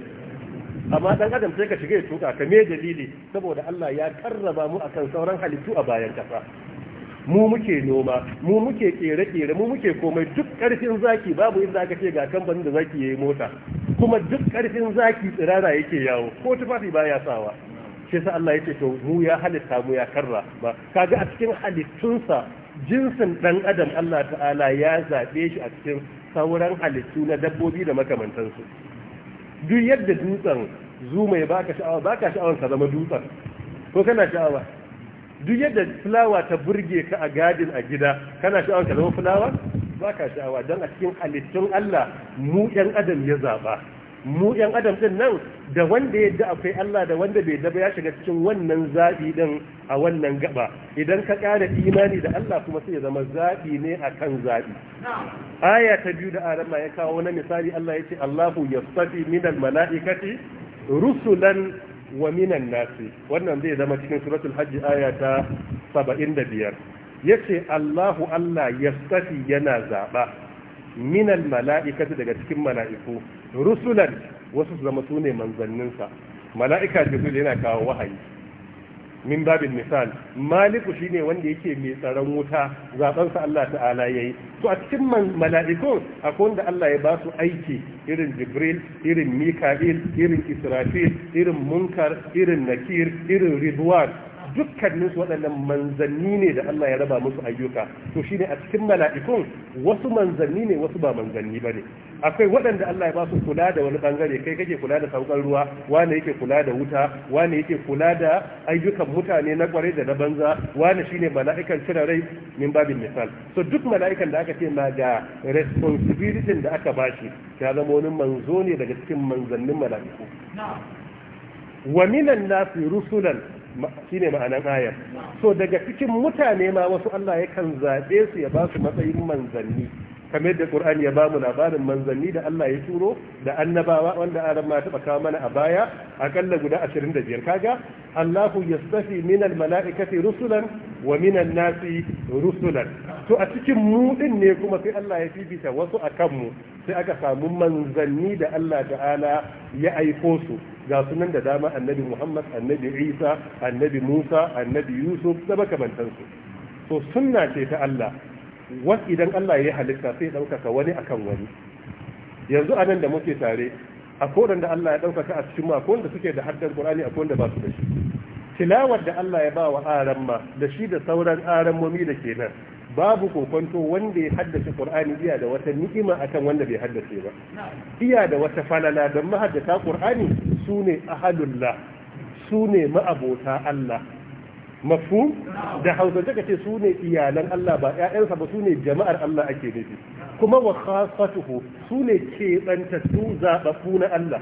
A: amma dan adam sai ka shiga ya tuka ka me dalili saboda Allah ya karraba mu akan sauran halittu a bayan kasa mu muke noma mu muke kere-kere mu muke komai duk karfin zaki babu inda aka ce ga kamfanin da zaki yayi mota kuma duk karfin zaki tsirara yake yawo ko tufafi baya sawa shi sa Allah yake to mu ya halitta mu ya karra ba kaga a cikin halittunsa jinsin dan adam Allah ta'ala ya zabe shi a cikin sauran halittu na dabbobi da makamantansu duk yadda dutsen zuma ya baka sha'awa baka sha'awar ka zama dutsen ko kana sha'awa duk yadda fulawa ta burge ka a gadin a gida kana sha'awar ka zama fulawa baka sha'awa don a cikin halittun Allah mu ɗan adam ya zaba mu yan adam ɗin nan da wanda ya da akwai Allah da wanda bai daba ya shiga cikin wannan zaɓi din a wannan gaba idan ka ƙara imani da Allah kuma sai ya zama zaɓi ne akan zaɓi aya ta biyu da arama ya kawo na misali Allah ya ce Allahu yastafi minal mala'ikati rusulan wa minan nasi wannan zai zama cikin suratul hajji aya ta 75 yace Allahu Allah yastafi yana zaɓa minal mala'ikata daga cikin mala'iku rusulan wasu su zama su ne manzanninsa mala'ika jibril yana kawo wahayi min babin misal maliku shine wanda yake mai tsaron wuta zaɓensa Allah ta'ala yayi to a cikin mala'ikun akwai wanda Allah ya ba su aiki irin jibril irin mika'il irin israfil irin munkar irin nakir irin ridwan dukkanin su waɗannan manzanni ne da Allah ya raba musu ayyuka to shine a cikin mala'ikun wasu manzanni ne wasu ba manzanni bane akwai waɗanda Allah ya ba su kula da wani bangare kai kake kula da saukan ruwa wani yake kula da wuta wani yake kula da ayyukan mutane na kware da na banza wani shine mala'ikan cire rai min babin misal so duk mala'ikan da aka ce ma ga responsibility da aka ba shi ya zama wani manzo ne daga cikin manzannin mala'iku wa minan nasi rusulan Shi ne ma'anan ayar so daga cikin mutane ma wasu Allah yakan zaɓe su ya ba su matsayin manzanni kamar da Qur'ani ya bamu labarin manzanni da Allah ya turo da annabawa wanda aran ma taba kawo mana a baya aƙalla guda ashirin da 25 kaga Allahu yastafi min mala'ikati rusulan wa minan nasi rusulan to a cikin mu din ne kuma sai Allah ya fifita wasu akan mu sai aka samu manzanni da Allah ta'ala ya aiko su ga sunan da dama annabi Muhammad annabi Isa annabi Musa annabi Yusuf da makamantansu to sunna ce ta Allah wasu idan Allah ya halitta sai ɗaukaka wani akan wani yanzu a nan da muke tare a kodan da Allah ya ɗaukaka a cikin ma da suke da haddan Qur'ani a da ba su da shi tilawar da Allah ya ba wa aran ma da shi da sauran aran momi da ke nan babu kokonto wanda ya haddace Kur'ani iya da wata ni'ima akan wanda bai haddace ba iya da wata falala don mahaddata su a sune su ne ma'abota Allah mafu da hausance ka ce su ne iyalan Allah ba ‘ya'yansa ba su ne jama'ar Allah ake nufi kuma wa khasatuhu su ne keɓantattu zaɓaɓɓu na Allah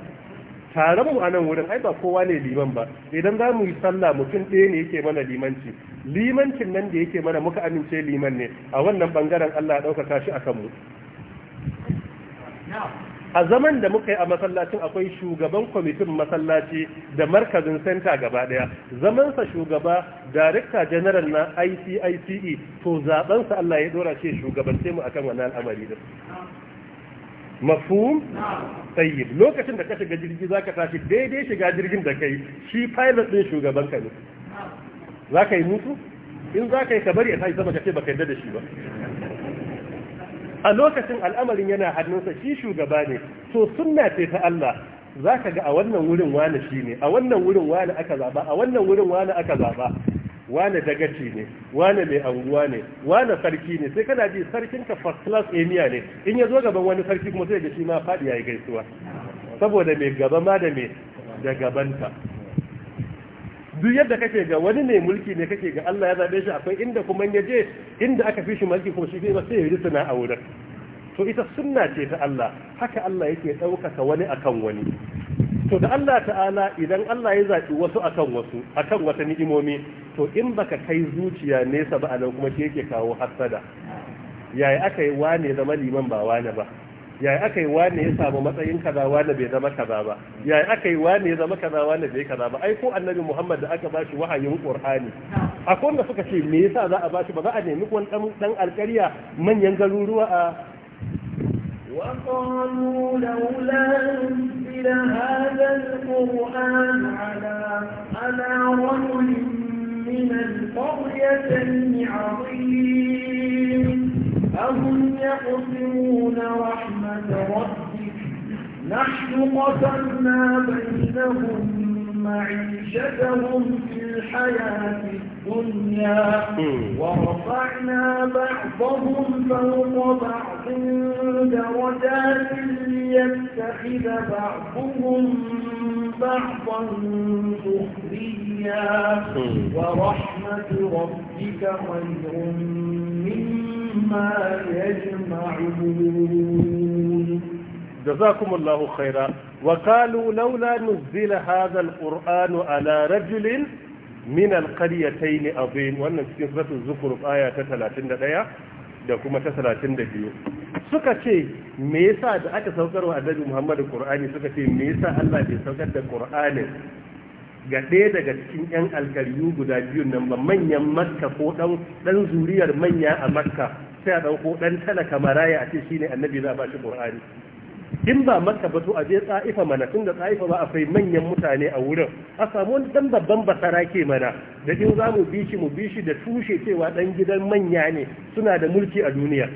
A: taron mu a nan wurin ai ba kowa ne liman ba idan za mu yi sallah mutum ɗaya ne yake mana limanci limancin nan da yake mana muka amince liman ne a wannan bangaren Allah ɗaukaka shi a kanmu. a zaman da muka yi a masallacin akwai shugaban kwamitin masallaci da markazin senta gaba daya zamansa shugaba darekta general na ICICE to zabensa Allah ya dora ce shugabance mu akan wannan al'amari din mafhum tayyib lokacin da ka shiga jirgi zaka tashi daidai shiga jirgin da kai shi pilot din shugaban ka ne zaka yi mutu in zaka yi ka bari ya tashi sama ka ce baka yarda da shi ba a lokacin al'amarin yana hannunsa shi shugaba ne to sunna ce ta Allah za ka ga a wannan wurin wani shi ne a wannan wurin wani aka zaba a wannan wurin wani aka zaba wani dagaci ne wani mai anguwa ne wani sarki ne sai kana ji sarkin ka first class emia ne in ya zo gaban wani sarki kuma sai ga shi ma faɗi ya yi gaisuwa saboda mai gaba ma da mai da gabanta duk yadda kake ga wani ne mulki ne kake ga Allah ya zabe shi akwai inda kuma ya je inda aka fi shi mulki kuma shi ba sai ya yi suna a wurin to ita sunna ce ta Allah haka Allah yake ɗaukaka wani akan wani to da Allah ta'ala idan Allah ya zaɓi wasu akan wasu akan wata ni'imomi to in baka kai zuciya nesa ba a nan kuma shi yake kawo hasada yaya aka yi wane zama liman ba wane ba yayi aka yi wane ya samu matsayin kaza wane bai zama kaza ba yayi aka yi wane ya zama kaza wane bai kaza ba ai ko annabi Muhammad da aka bashi wahayin Qur'ani akwai wanda suka ce me yasa za a bashi ba za a nemi kun dan dan alƙarya manyan garuruwa a
C: وقالوا لولا نزل هذا القرآن على على رجل من القرية عظيم أهم يقسمون رحمة ربك نحن قسمنا بينهم معيشتهم في الحياة الدنيا ورفعنا بعضهم فوق بعض درجات ليتخذ بعضهم بعضا سخريا ورحمة ربك خير مما ما
A: يجمعون جزاكم الله خيرا وقالوا لولا نزل هذا القرآن على رجل من القريتين عظيم وأن في سورة الزخرف آية 31 da kuma ta 32 suka ce me yasa da aka saukar wa annabi Muhammad Qur'ani suka ce me yasa Allah bai saukar da Qur'anin ga ɗaya daga cikin 'yan alkaryu guda biyu nan ba manyan makka ko ɗan zuriyar manya a makka sai a ko ɗan talaka maraya a ce shi ne annabi za a ba shi ƙorari in ba makka ba to a je tsa'ifa mana tun da tsa'ifa ba akwai manyan mutane a wurin a samu wani ɗan babban basara ke mana da in za mu bi shi mu bi shi da tushe cewa ɗan gidan manya ne suna da mulki a duniya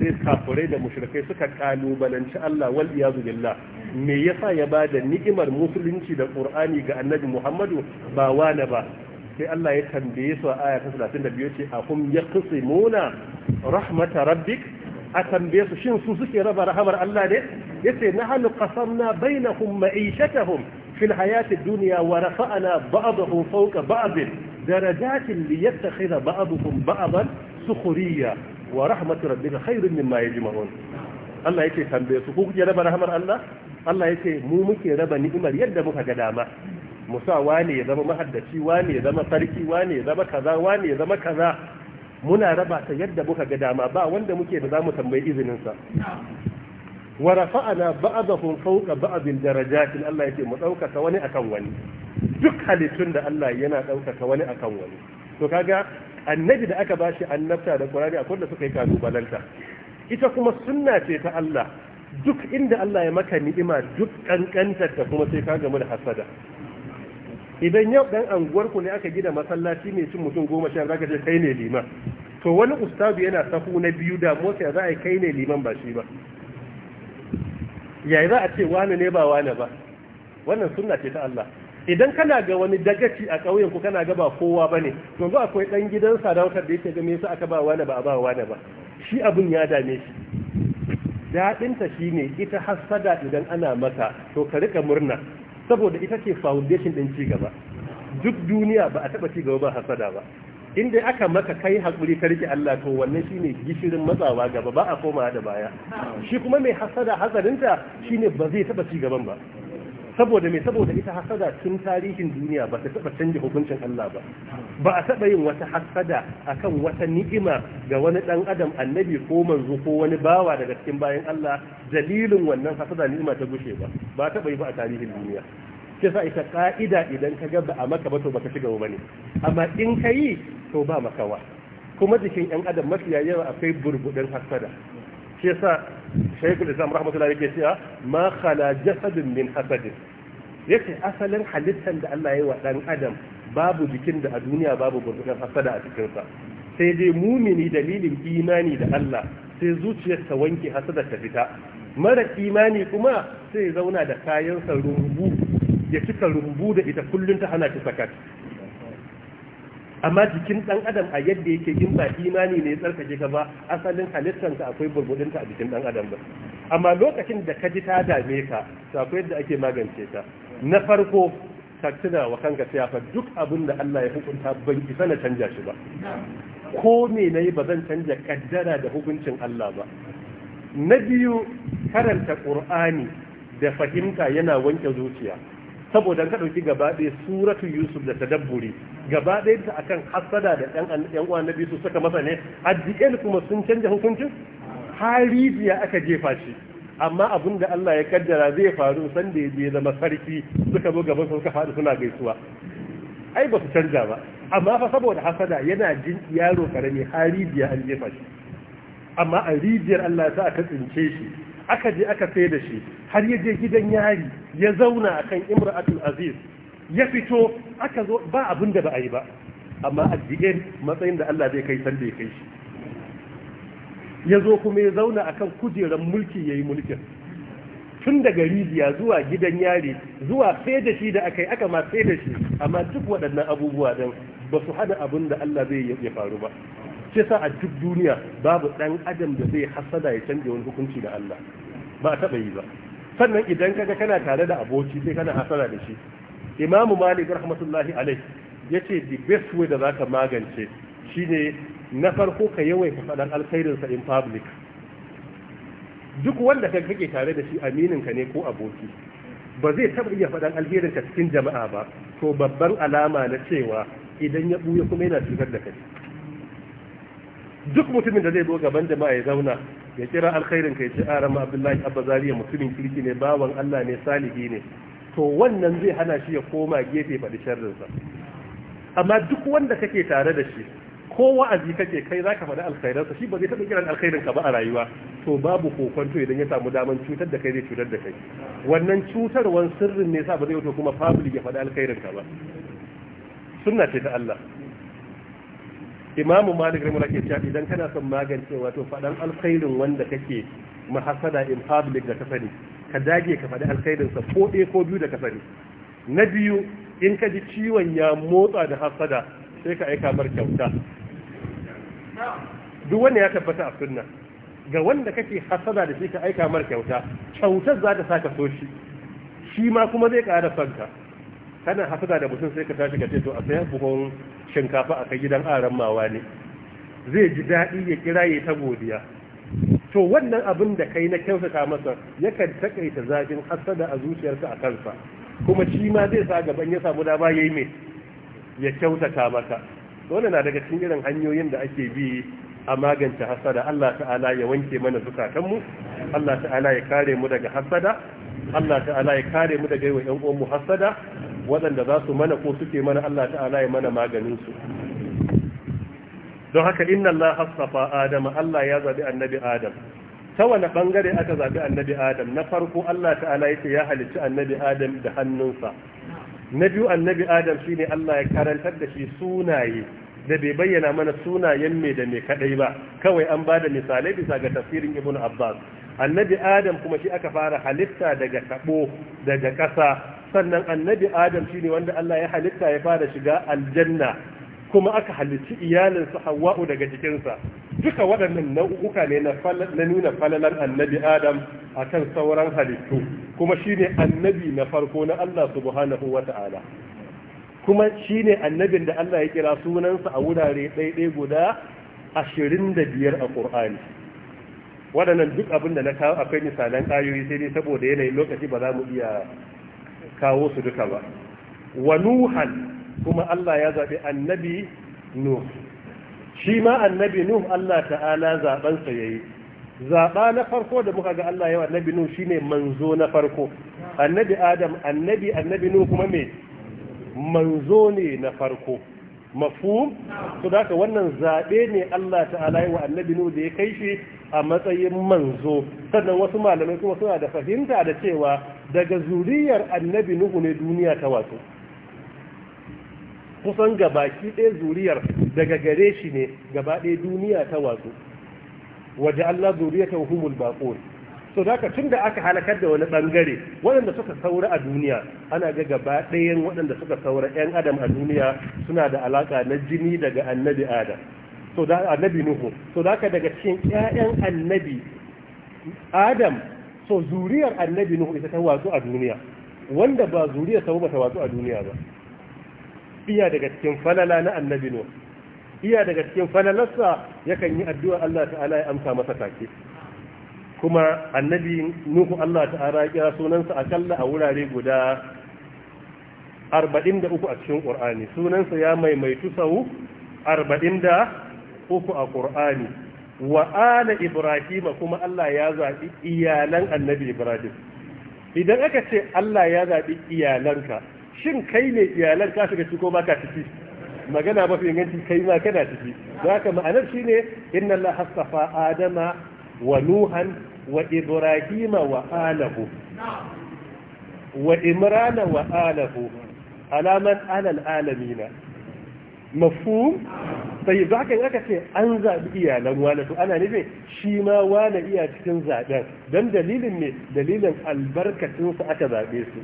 A: sai kafurai da mushrikai suka kalubalanci Allah wal iyazu billah me yasa ya ba da ni'imar musulunci da qur'ani ga annabi muhammadu ba wane ba sai Allah ya tambaye su a aya ta 32 ce a hum yaqsimuna rahmata rabbik a tambaye su shin su suke raba rahamar Allah ne yace nahnu qasamna bainahum ma'ishatahum fil hayati dunya wa rafa'na ba'dahum fawqa ba'd darajatin liyattakhidha ba'dhum ba'dan sukuriya wa rahmatu rabbika khairun mimma yajma'un Allah yake tambaye su ku kuke raba rahamar Allah Allah ya ce mu muke raba ni'imar yadda muka ga dama mu sa ya zama mahaddaci wane ya zama sarki wane ya zama kaza wane ya zama kaza muna raba ta yadda muka ga dama ba wanda muke da zamu tambayi izinin sa wa rafa'ana ba'dahum fawqa ba'dil darajat Allah ya ce mu ɗaukaka wani akan wani duk halittun da Allah yana ɗaukaka wani akan wani to kaga annabi da aka bashi annabta da Qur'ani akwai da suka yi kalubalanta ita kuma sunna ce ta Allah duk inda Allah ya maka ni'ima duk kankantar da kuma sai ka gamu da hasada idan yau dan anguwar ku ne aka gida masallaci mai cin mutum goma sha zaka ce kai ne liman to wani ustadu yana safu na biyu da motsa za a kai ne liman ba shi ba yayi za a ce wani ne ba wani ba wannan sunna ce ta Allah idan kana ga wani dagaci a ƙauyen ku kana ga ba kowa bane yanzu akwai dan gidan sadaukar da yake ga me yasa aka ba wani ba a ba wani ba shi abun ya dame shi daɗinta shine ita hassada idan ana mata to ka rika murna saboda ita ce foundation ɗin ci gaba duk duniya ba a taɓa ci gaba ba hassada ba inda aka maka kai hakuri ka rike Allah to wannan shine gishirin matsawa gaba ba a koma da baya shi kuma mai hasada hasarinta shine ba zai taba ci gaban ba saboda mai saboda ita hasada tun tarihin duniya ba ta taba canza hukuncin Allah ba ba a taba yin wata hasada akan wata ni'ima ga wani dan adam annabi ko manzo ko wani bawa daga cikin bayan Allah dalilin wannan hasada ni'ima ta gushe ba ba ta taba yi ba a tarihin duniya ke sa ita ka'ida idan ka ga ba a maka ba to baka shiga ba ne amma in ka yi to ba makawa kuma jikin yan adam mafiya yawa akwai burbuɗin hasada shi yasa shaikul islam rahmatullahi yake cewa ma khala jasadin min hasadin yake asalin halittar da Allah ya yi wa dan adam babu jikin da a duniya babu gurgurdan hasada a cikin sa sai dai mumini dalilin imani da Allah sai zuciyar ta wanke hasada ta fita mara imani kuma sai zauna da kayan sa rumbu ya cika rumbu da ita kullun ta hana ta sakat amma jikin dan adam a yadda yake in ba imani ne tsarkake ka ba asalin ka akwai burbudinta a jikin dan adam ba amma lokacin da ka ji ta dame ka to akwai yadda ake magance ta na farko ka tuna wa kanka cewa fa duk abin da Allah ya hukunta ban isa na canja shi ba ko me nayi ba zan canja kaddara da hukuncin Allah ba na biyu karanta Qur'ani da fahimta yana wanke zuciya saboda ka ɗauki gaba ɗaya suratu yusuf da tadabburi gaba ɗaya a akan hasada da ɗan uwa na nabi su suka masa ne addiyan kuma sun canja hukuncin harijiya aka jefa shi amma abin da Allah ya kaddara zai faru san da ya zama sarki suka zo gaban suka faɗi suna gaisuwa ai ba su canja ba amma fa saboda hasada yana jin yaro karami haribiya an jefa shi amma a rijiyar Allah ta aka tsince shi aka je aka sai da shi har ya je gidan yari ya zauna a akan imra'atul aziz ya fito aka zo ba abin da ba a yi ba amma a matsayin da Allah zai kai sanda ya kai shi ya zo kuma ya zauna a kan kujeran mulki ya yi mulkin tun daga rijiya zuwa gidan yari zuwa sai da shi da aka yi aka ma sai da shi amma duk waɗannan abubuwa don ba su hada abin da Allah zai ya faru ba shi sa a duk duniya babu dan adam da zai hasada ya canje wani hukunci da Allah ba a yi ba sannan idan kaga kana tare da aboki sai kana hasada da shi imamu malik rahmatullahi alaihi yace the best way da za ka magance shine na farko ka yawaita faɗan alkhairinsa in public duk wanda ka kake tare da shi amininka ne ko aboki ba zai taɓa iya faɗan alherinka cikin jama'a ba to babban alama na cewa idan ya buya kuma yana cutar da kai duk mutumin da zai zo gaban jama'a ya zauna ya kira alkhairin kai ce aram abdullahi Zariya mutumin kirki ne bawan Allah ne salihi ne to wannan zai hana shi ya koma gefe faɗi sharrinsa amma duk wanda kake tare da shi ko wa'azi kake kai zaka faɗi alkhairansa shi ba zai taɓa kiran alkhairin ka ba a rayuwa to babu kokonto idan ya samu daman cutar da kai zai cutar da kai wannan cutarwan sirrin ne sa ba zai wato kuma public ya faɗi alkhairin ka ba sunna ce ta Allah imamu malik rahimahullah ke cewa idan kana son magancewa wato faɗan alkhairin wanda kake mahasada in public da ka ka dage ka faɗi alkhairin sa ko ɗaya ko biyu da kasani na biyu in ka ji ciwon ya motsa da hasada sai ka aika mar kyauta duk wanda ya tabbata a sunna ga wanda kake hasada da shi ka aika mar kyauta kyautar za ta saka so shi shi ma kuma zai ƙara fanka kana hasada da mutum sai ka tashi ka ce to a sayar buhun shinkafa a kai gidan aran mawa ne zai ji daɗi ya kiraye ta godiya to wannan abin da kai na kyautata masa yakan takaita zafin hasada a zuciyarsa a kansa kuma shi ma zai sa gaban ya samu dama yayi mai ya kyautata maka Dole na daga cikin irin hanyoyin da ake bi a magance hasada Allah ta'ala ya wanke mana zukatanmu Allah ta'ala ya kare mu daga hasada Allah ta'ala ya kare mu daga yawan ƴan uwanmu hasada waɗanda za su mana ko suke mana Allah ta'ala ya mana maganin su don haka inna Allah hasafa Adam Allah ya zabi annabi Adam ta wani bangare aka zabi annabi Adam na farko Allah ta'ala yake ya halicci annabi Adam da hannunsa na biyu annabi Adam shine Allah ya karantar da shi sunaye da bai bayyana mana sunayen me da mai kadai ba kawai an bada misalai bisa ga tafsirin Ibn Abbas annabi adam kuma shi aka fara halitta daga tabo daga ƙasa sannan annabi adam shine wanda Allah ya halitta ya fara shiga aljanna kuma aka halicci iyalinsa hawa'u daga jikinsa duka waɗannan nau'uka ne na nuna falalan annabi adam akan sauran halittu kuma shine annabi na farko na Allah subhanahu wa ta'ala kuma shine annabin da Allah ya kira sunansa a wurare ɗaiɗai guda ashirin da biyar a ƙur'ani waɗannan duk abin da na kawo akwai misalan ayoyi sai dai saboda yanayin lokaci ba za mu iya kawo su duka ba wa nuhan kuma Allah ya zaɓi annabi nuh shi ma annabi nuh Allah ta'ala zaɓensa ya yi zaɓa na farko da muka ga Allah yawa annabi nuh shine manzo na farko annabi adam annabi annabi nuh kuma me manzo ne na farko mafhum to da wannan zaɓe ne Allah ta'ala yawa annabi nuh da ya kai shi a matsayin manzo sannan wasu malamai kuma suna da fahimta da cewa daga zuriyar annabi nuhu ne duniya ta wato kusan gabaki ɗaya zuriyar daga gare shi ne gaba ɗaya duniya ta wato waje Allah ta humul baqun so da aka da aka halakar da wani ɓangare waɗanda suka saura a duniya ana ga gaba ɗayan waɗanda suka saura 'yan adam a duniya suna da alaƙa na jini daga annabi adam so da annabi nuhu so da ka daga cikin ƴaƴan annabi adam so zuriyar annabi nuhu ita ta watsu a duniya wanda ba zuriyar ta ba ta watsu a duniya ba iya daga cikin falala na annabi nuhu iya daga cikin falalarsa yakan yi addu'a Allah ta'ala ya amsa masa take kuma annabi nuhu Allah ta'ala ya kira sunansa akalla a wurare guda 43 a cikin ƙur'ani sunansa ya maimaitu sau da. uku a Kur'ani, wa ala Ibrahim kuma Allah ya zaɓi iyalan Annabi Ibrahim idan aka ce Allah ya zaɓi iyalanka shin kai ne iyalan ka shiga ciki ko baka ciki magana mafi inganci kai ma kana ciki Za ka ma'anar shine inna Allah adama wa nuhan wa ibrahima wa alahu wa imrana wa alahu alaman alal alamina mafhum sai ba haka aka ce an zaɓi iyalan wani to ana nufin shi ma iya cikin zaben don dalilin ne dalilin albarkacinsa aka zaɓe su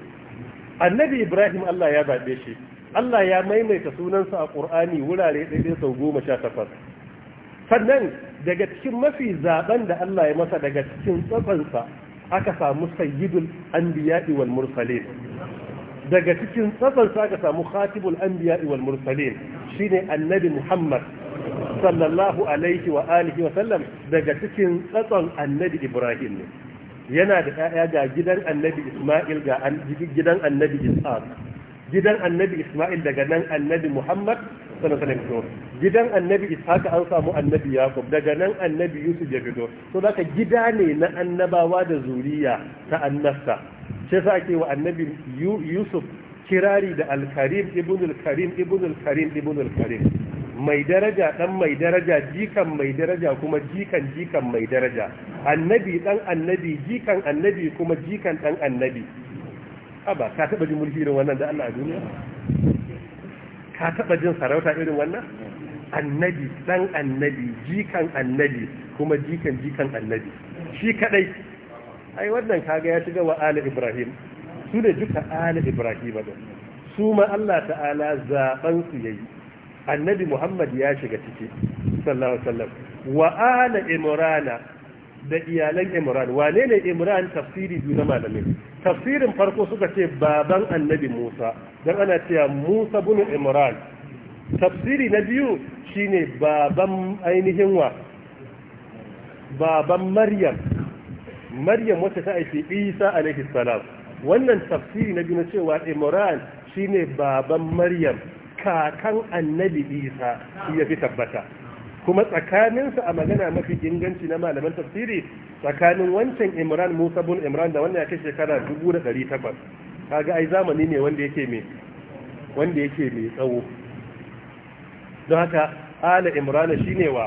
A: annabi ibrahim Allah ya zabe shi Allah ya maimaita sunansa a Qur'ani wurare ɗaiɗai sau goma sha takwas sannan daga cikin mafi zaben da Allah ya masa daga cikin tsabansa aka samu sayyidul anbiya'i wal mursalin daga cikin tsatsansa ka samu khatibul anbiya wal mursalin shine annabi Muhammad sallallahu alaihi wa alihi wa sallam daga cikin tsatson annabi Ibrahim ne yana da ƴaƴa ga gidan annabi Isma'il ga gidan annabi gidan annabi Isma'il daga nan annabi Muhammad sallallahu alaihi wasallam gidan annabi ishaq an samu annabi yaqub daga nan annabi yusuf ya fito to zaka gida ne na annabawa da zuriya ta annasta? sai sa ake wa annabi yusuf kirari da al-karim ibn al-karim ibn al-karim ibn al-karim mai daraja dan mai daraja jikan mai daraja kuma jikan jikan mai daraja annabi dan annabi jikan annabi kuma jikan dan annabi aba ka taba ji mulki irin wannan da Allah a duniya ka taɓa jin sarauta irin wannan annabi ɗan annabi jikan annabi kuma jikan jikan annabi shi kaɗai ai wannan kaga ya shiga wa ali ibrahim su ne duka ala ibrahim da su ma allah ta'ala zaban su yayi annabi muhammad ya shiga ciki sallallahu alaihi wa ali imrana da iyalan imran wane ne imran tafsiri juna malamin tafsirin farko suka ce baban annabi Musa dan ana cewa Musa bin Imran tafsiri na biyu shine baban ainihin wa baban Maryam Maryam wacce ta aiki Isa alaihi salam wannan tafsiri na biyu na cewa Imran shine baban Maryam kakan annabi Isa shi ya fi tabbata kuma tsakaninsa a magana mafi inganci na malaman tafsiri tsakanin wancan imran musa bin imran da wannan ya kai shekara 1800 kaga ai zamani ne wanda yake mai wanda yake mai tsawo don haka ala imran shine wa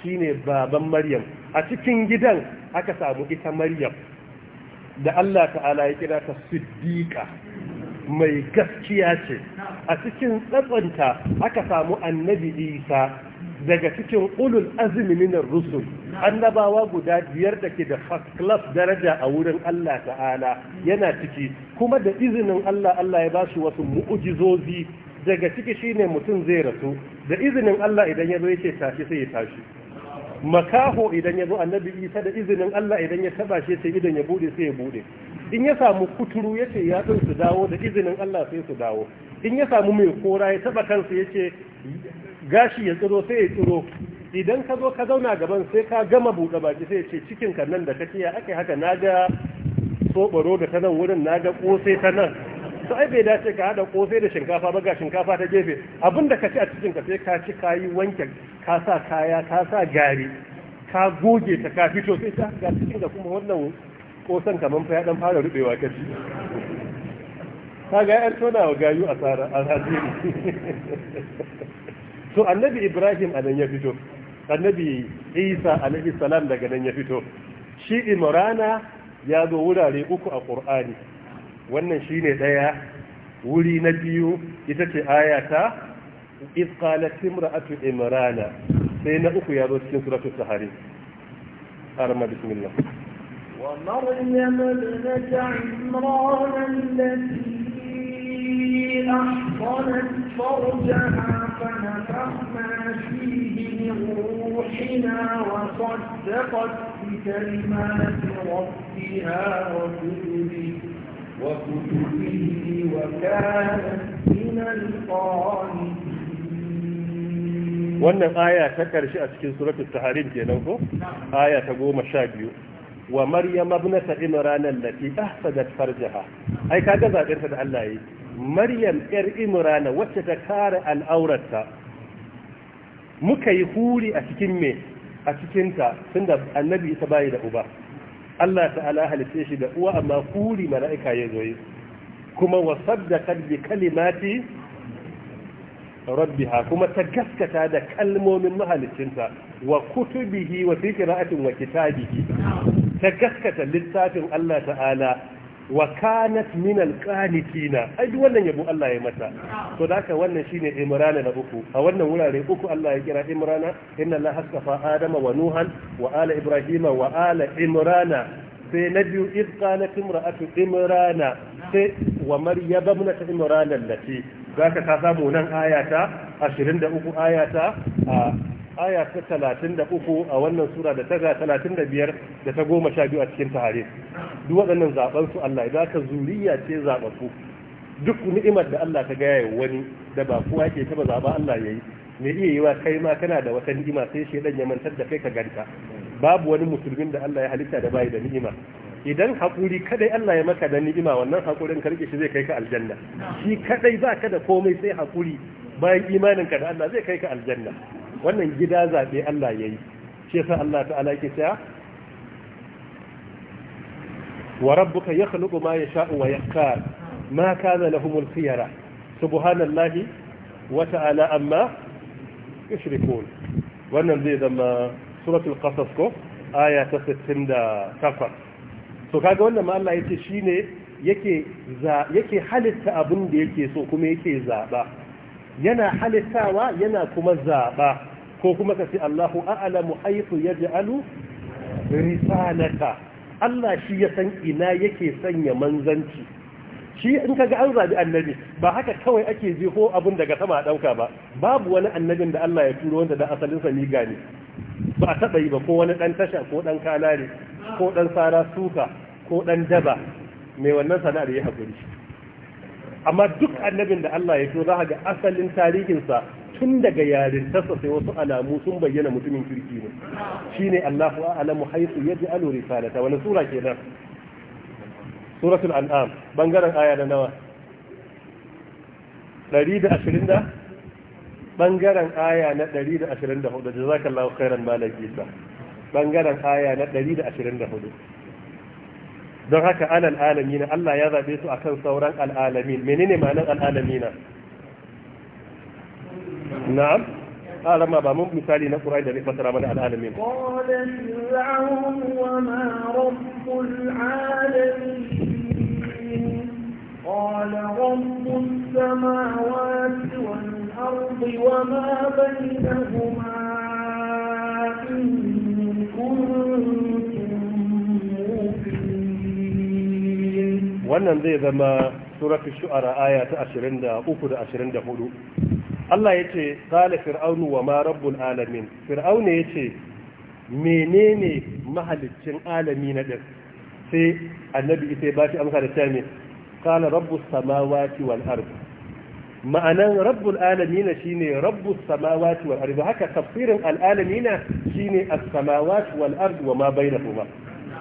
A: shine baban maryam a cikin gidan aka samu ita maryam da Allah ta'ala ya kira ta siddiqa mai gaskiya ce a cikin tsatsanta aka samu annabi isa daga cikin ulul azumi minar rusul annabawa guda biyar da ke da first class daraja a wurin Allah ta'ala yana ciki kuma da izinin Allah Allah ya bashi wasu mu'ujizozi daga ciki shine mutum zai rasu da izinin Allah idan ya zo yake tashi sai ya tashi makaho idan ya zo annabi Isa da izinin Allah idan ya taba shi sai idan ya bude sai ya bude in ya samu kuturu yace ya su dawo da izinin Allah sai su dawo in ya samu mai kora ya taba kansa yace gashi ya tsiro sai ya tsiro idan ka zo ka zauna gaban sai ka gama buɗe baki sai ce cikin ka nan da kake ya ake haka na ga sobaro da ta nan wurin na ga ƙosai ta nan su ai bai dace ka haɗa ƙosai da shinkafa ba ga shinkafa ta gefe abinda ka ci a cikin ka sai ka ci ka yi wanke ka sa kaya ka sa gari ka goge ta ka fito sai ta ga cikin da kuma wannan kosan kamar fa ya dan fara rubewa ci ka ga yan tona wa gayu asara alhazini to annabi ibrahim a nan ya fito annabi isa alaihi salam daga nan ya fito shi imrana ya zo wurare uku a ƙur'ani wannan shi ne ɗaya wuri na biyu ita ce ayata iz qalat imra'atu imrana sai na uku ya zo cikin suratun sahari bismillah
C: ومريم ابنة عمران التي أحصنت فرجها نفخنا فيه من روحنا وصدقت بكلمات ربها وكتبه وكتبه وكانت من القانتين
A: wannan aya ta karshe a cikin suratul tahrim kenan ko aya ta 12 wa maryam ibnat imran allati ahsadat farjaha ai kaga zaɓinta da Allah yi maryam yar imran wacce ta kare al'auratta muka yi huri a cikin me a cikinta tunda annabi ita bayi da uba Allah ta'ala halitta shi da uwa amma huri mala'ika ya zoye kuma wasaddaqat bi kalimati rabbiha kuma ta gaskata da kalmomin mahalicinta wa kutubihi wa fi wa kitabihi ta gaskata littafin Allah ta'ala wa kanat min alqanitina ai duk wannan yabo Allah ya mata to da wannan shine imrana na uku a wannan wurare uku Allah ya kira imrana inna Allah haskafa adama wa nuhan wa ala ibrahima wa ala imrana sai na biyu iz qalat imra'atu imrana sai wa maryam ibnat imrana allati zaka ka samu nan ayata 23 ayata aya ta talatin da uku a wannan sura da ta talatin da biyar da ta goma sha biyu a cikin tare duk waɗannan zaɓen su Allah idan ka zuriya ce zaɓaɓɓu duk ni'imar da Allah ta gaya wani da ba kowa ke taɓa zaɓa Allah ya yi mai iya yiwa kai ma kana da wata ni'ima sai shi ya mantar da kai ka ganta babu wani musulmin da Allah ya halitta da bai da ni'ima idan haƙuri kadai Allah ya maka da ni'ima wannan haƙurin ka rike shi zai kai ka aljanna shi kadai baka da komai sai haƙuri bayan imaninka da Allah zai kai ka aljanna wannan gida zaɓe Allah ya yi shi yasa Allah ta'ala ke cewa wa rabbuka yakhluqu ma yasha'u wa yakhtar ma kana lahumul khiyara subhanallahi wa ta'ala amma yushrikun wannan zai zama suratul qasas ko aya ta 68 so kaga wannan ma Allah ce shine yake yake halitta abin da yake so kuma yake zaɓa. yana halittawa yana kuma zaɓa ko kuma ka ce Allahu ya ji alu risalata Allah shi ya san ina yake sanya manzanci shi in ka ga an zaɓi annabi ba haka kawai ake ko abin daga sama a ɗauka ba babu wani annabin da Allah ya turo wanda da asalin sa ni gane ba a taɓa yi ba ko wani ɗan tasha ko ɗan kalare ko ɗan sara suka ko ɗan daba mai wannan sana'ar ya hakuri amma duk annabin da Allah ya so za a ga asalin tarihinsa tun daga yarin tasa sai wasu alamu sun bayyana mutumin kirki ne shine Allahu a'lamu ji alori salata wani sura nan? suratul an'am bangaren aya da nawa 120 da bangaren aya na 124 jazakallahu khairan malaki sa bangaren aya na 124 don haka alal alamina Allah ya zabe su akan sauran al'alamin menene ma'anar al'alamina na'am alam ba mun misali na Qur'ani da zai fasara mana al'alamin
C: qala fir'aun wa ma rabbul alamin qala rabbus
A: wannan zai zama suratul shu'ara aya ta 23 da 24 Allah ya ce, qala fir'aunu wa ma rabbul alamin fir'aunu yace menene mahaliccin alami na din sai annabi sai ba shi amsa da ta me kala rabbus samawati wal ard ma'anan rabbul alamin shine rabbus samawati wal ard haka tafsirin al alamin shine as samawati wal ard wa ma bainahuma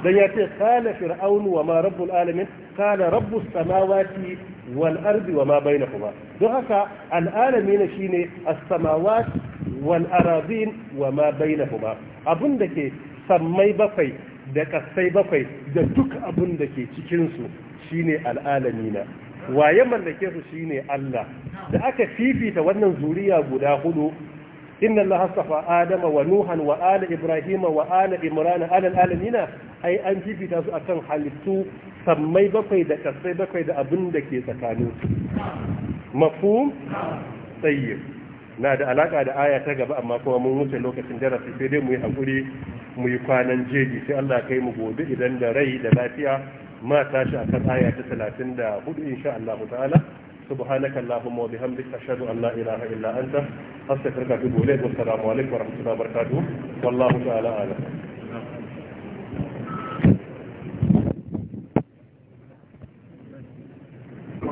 A: dan ya ce, kala fir'aunu wa ma rabbul alamin kana rabbus samawati wal ardi wa ma kuma don haka al'alamin shine a samawat wal aradin wa ma kuma abun da ke sammai bakwai da kasai bakwai da duk abun da ke cikin su shine al'alamina waye mallake su shine Allah da aka fifita wannan zuriya guda hudu inna Allah astafa adama wa nuhan wa ala ibrahima wa ala imran ala alamina ai an fifita su akan halittu sammai bakwai da kasai bakwai da abin da ke tsakanin su mafu tsaye na da alaka da aya ta gaba amma kuma mun wuce lokacin darasi sai dai mu yi hakuri mu yi kwanan jeji sai Allah kai mu gobe idan da rai da lafiya ma tashi kan aya ta talatin da hudu insha Allah ta'ala ashhadu an la ilaha illa anta astaghfiruka wa atubu ilayk wa assalamu alaikum wa rahmatullahi wa barakatuh wallahu ta'ala a'lam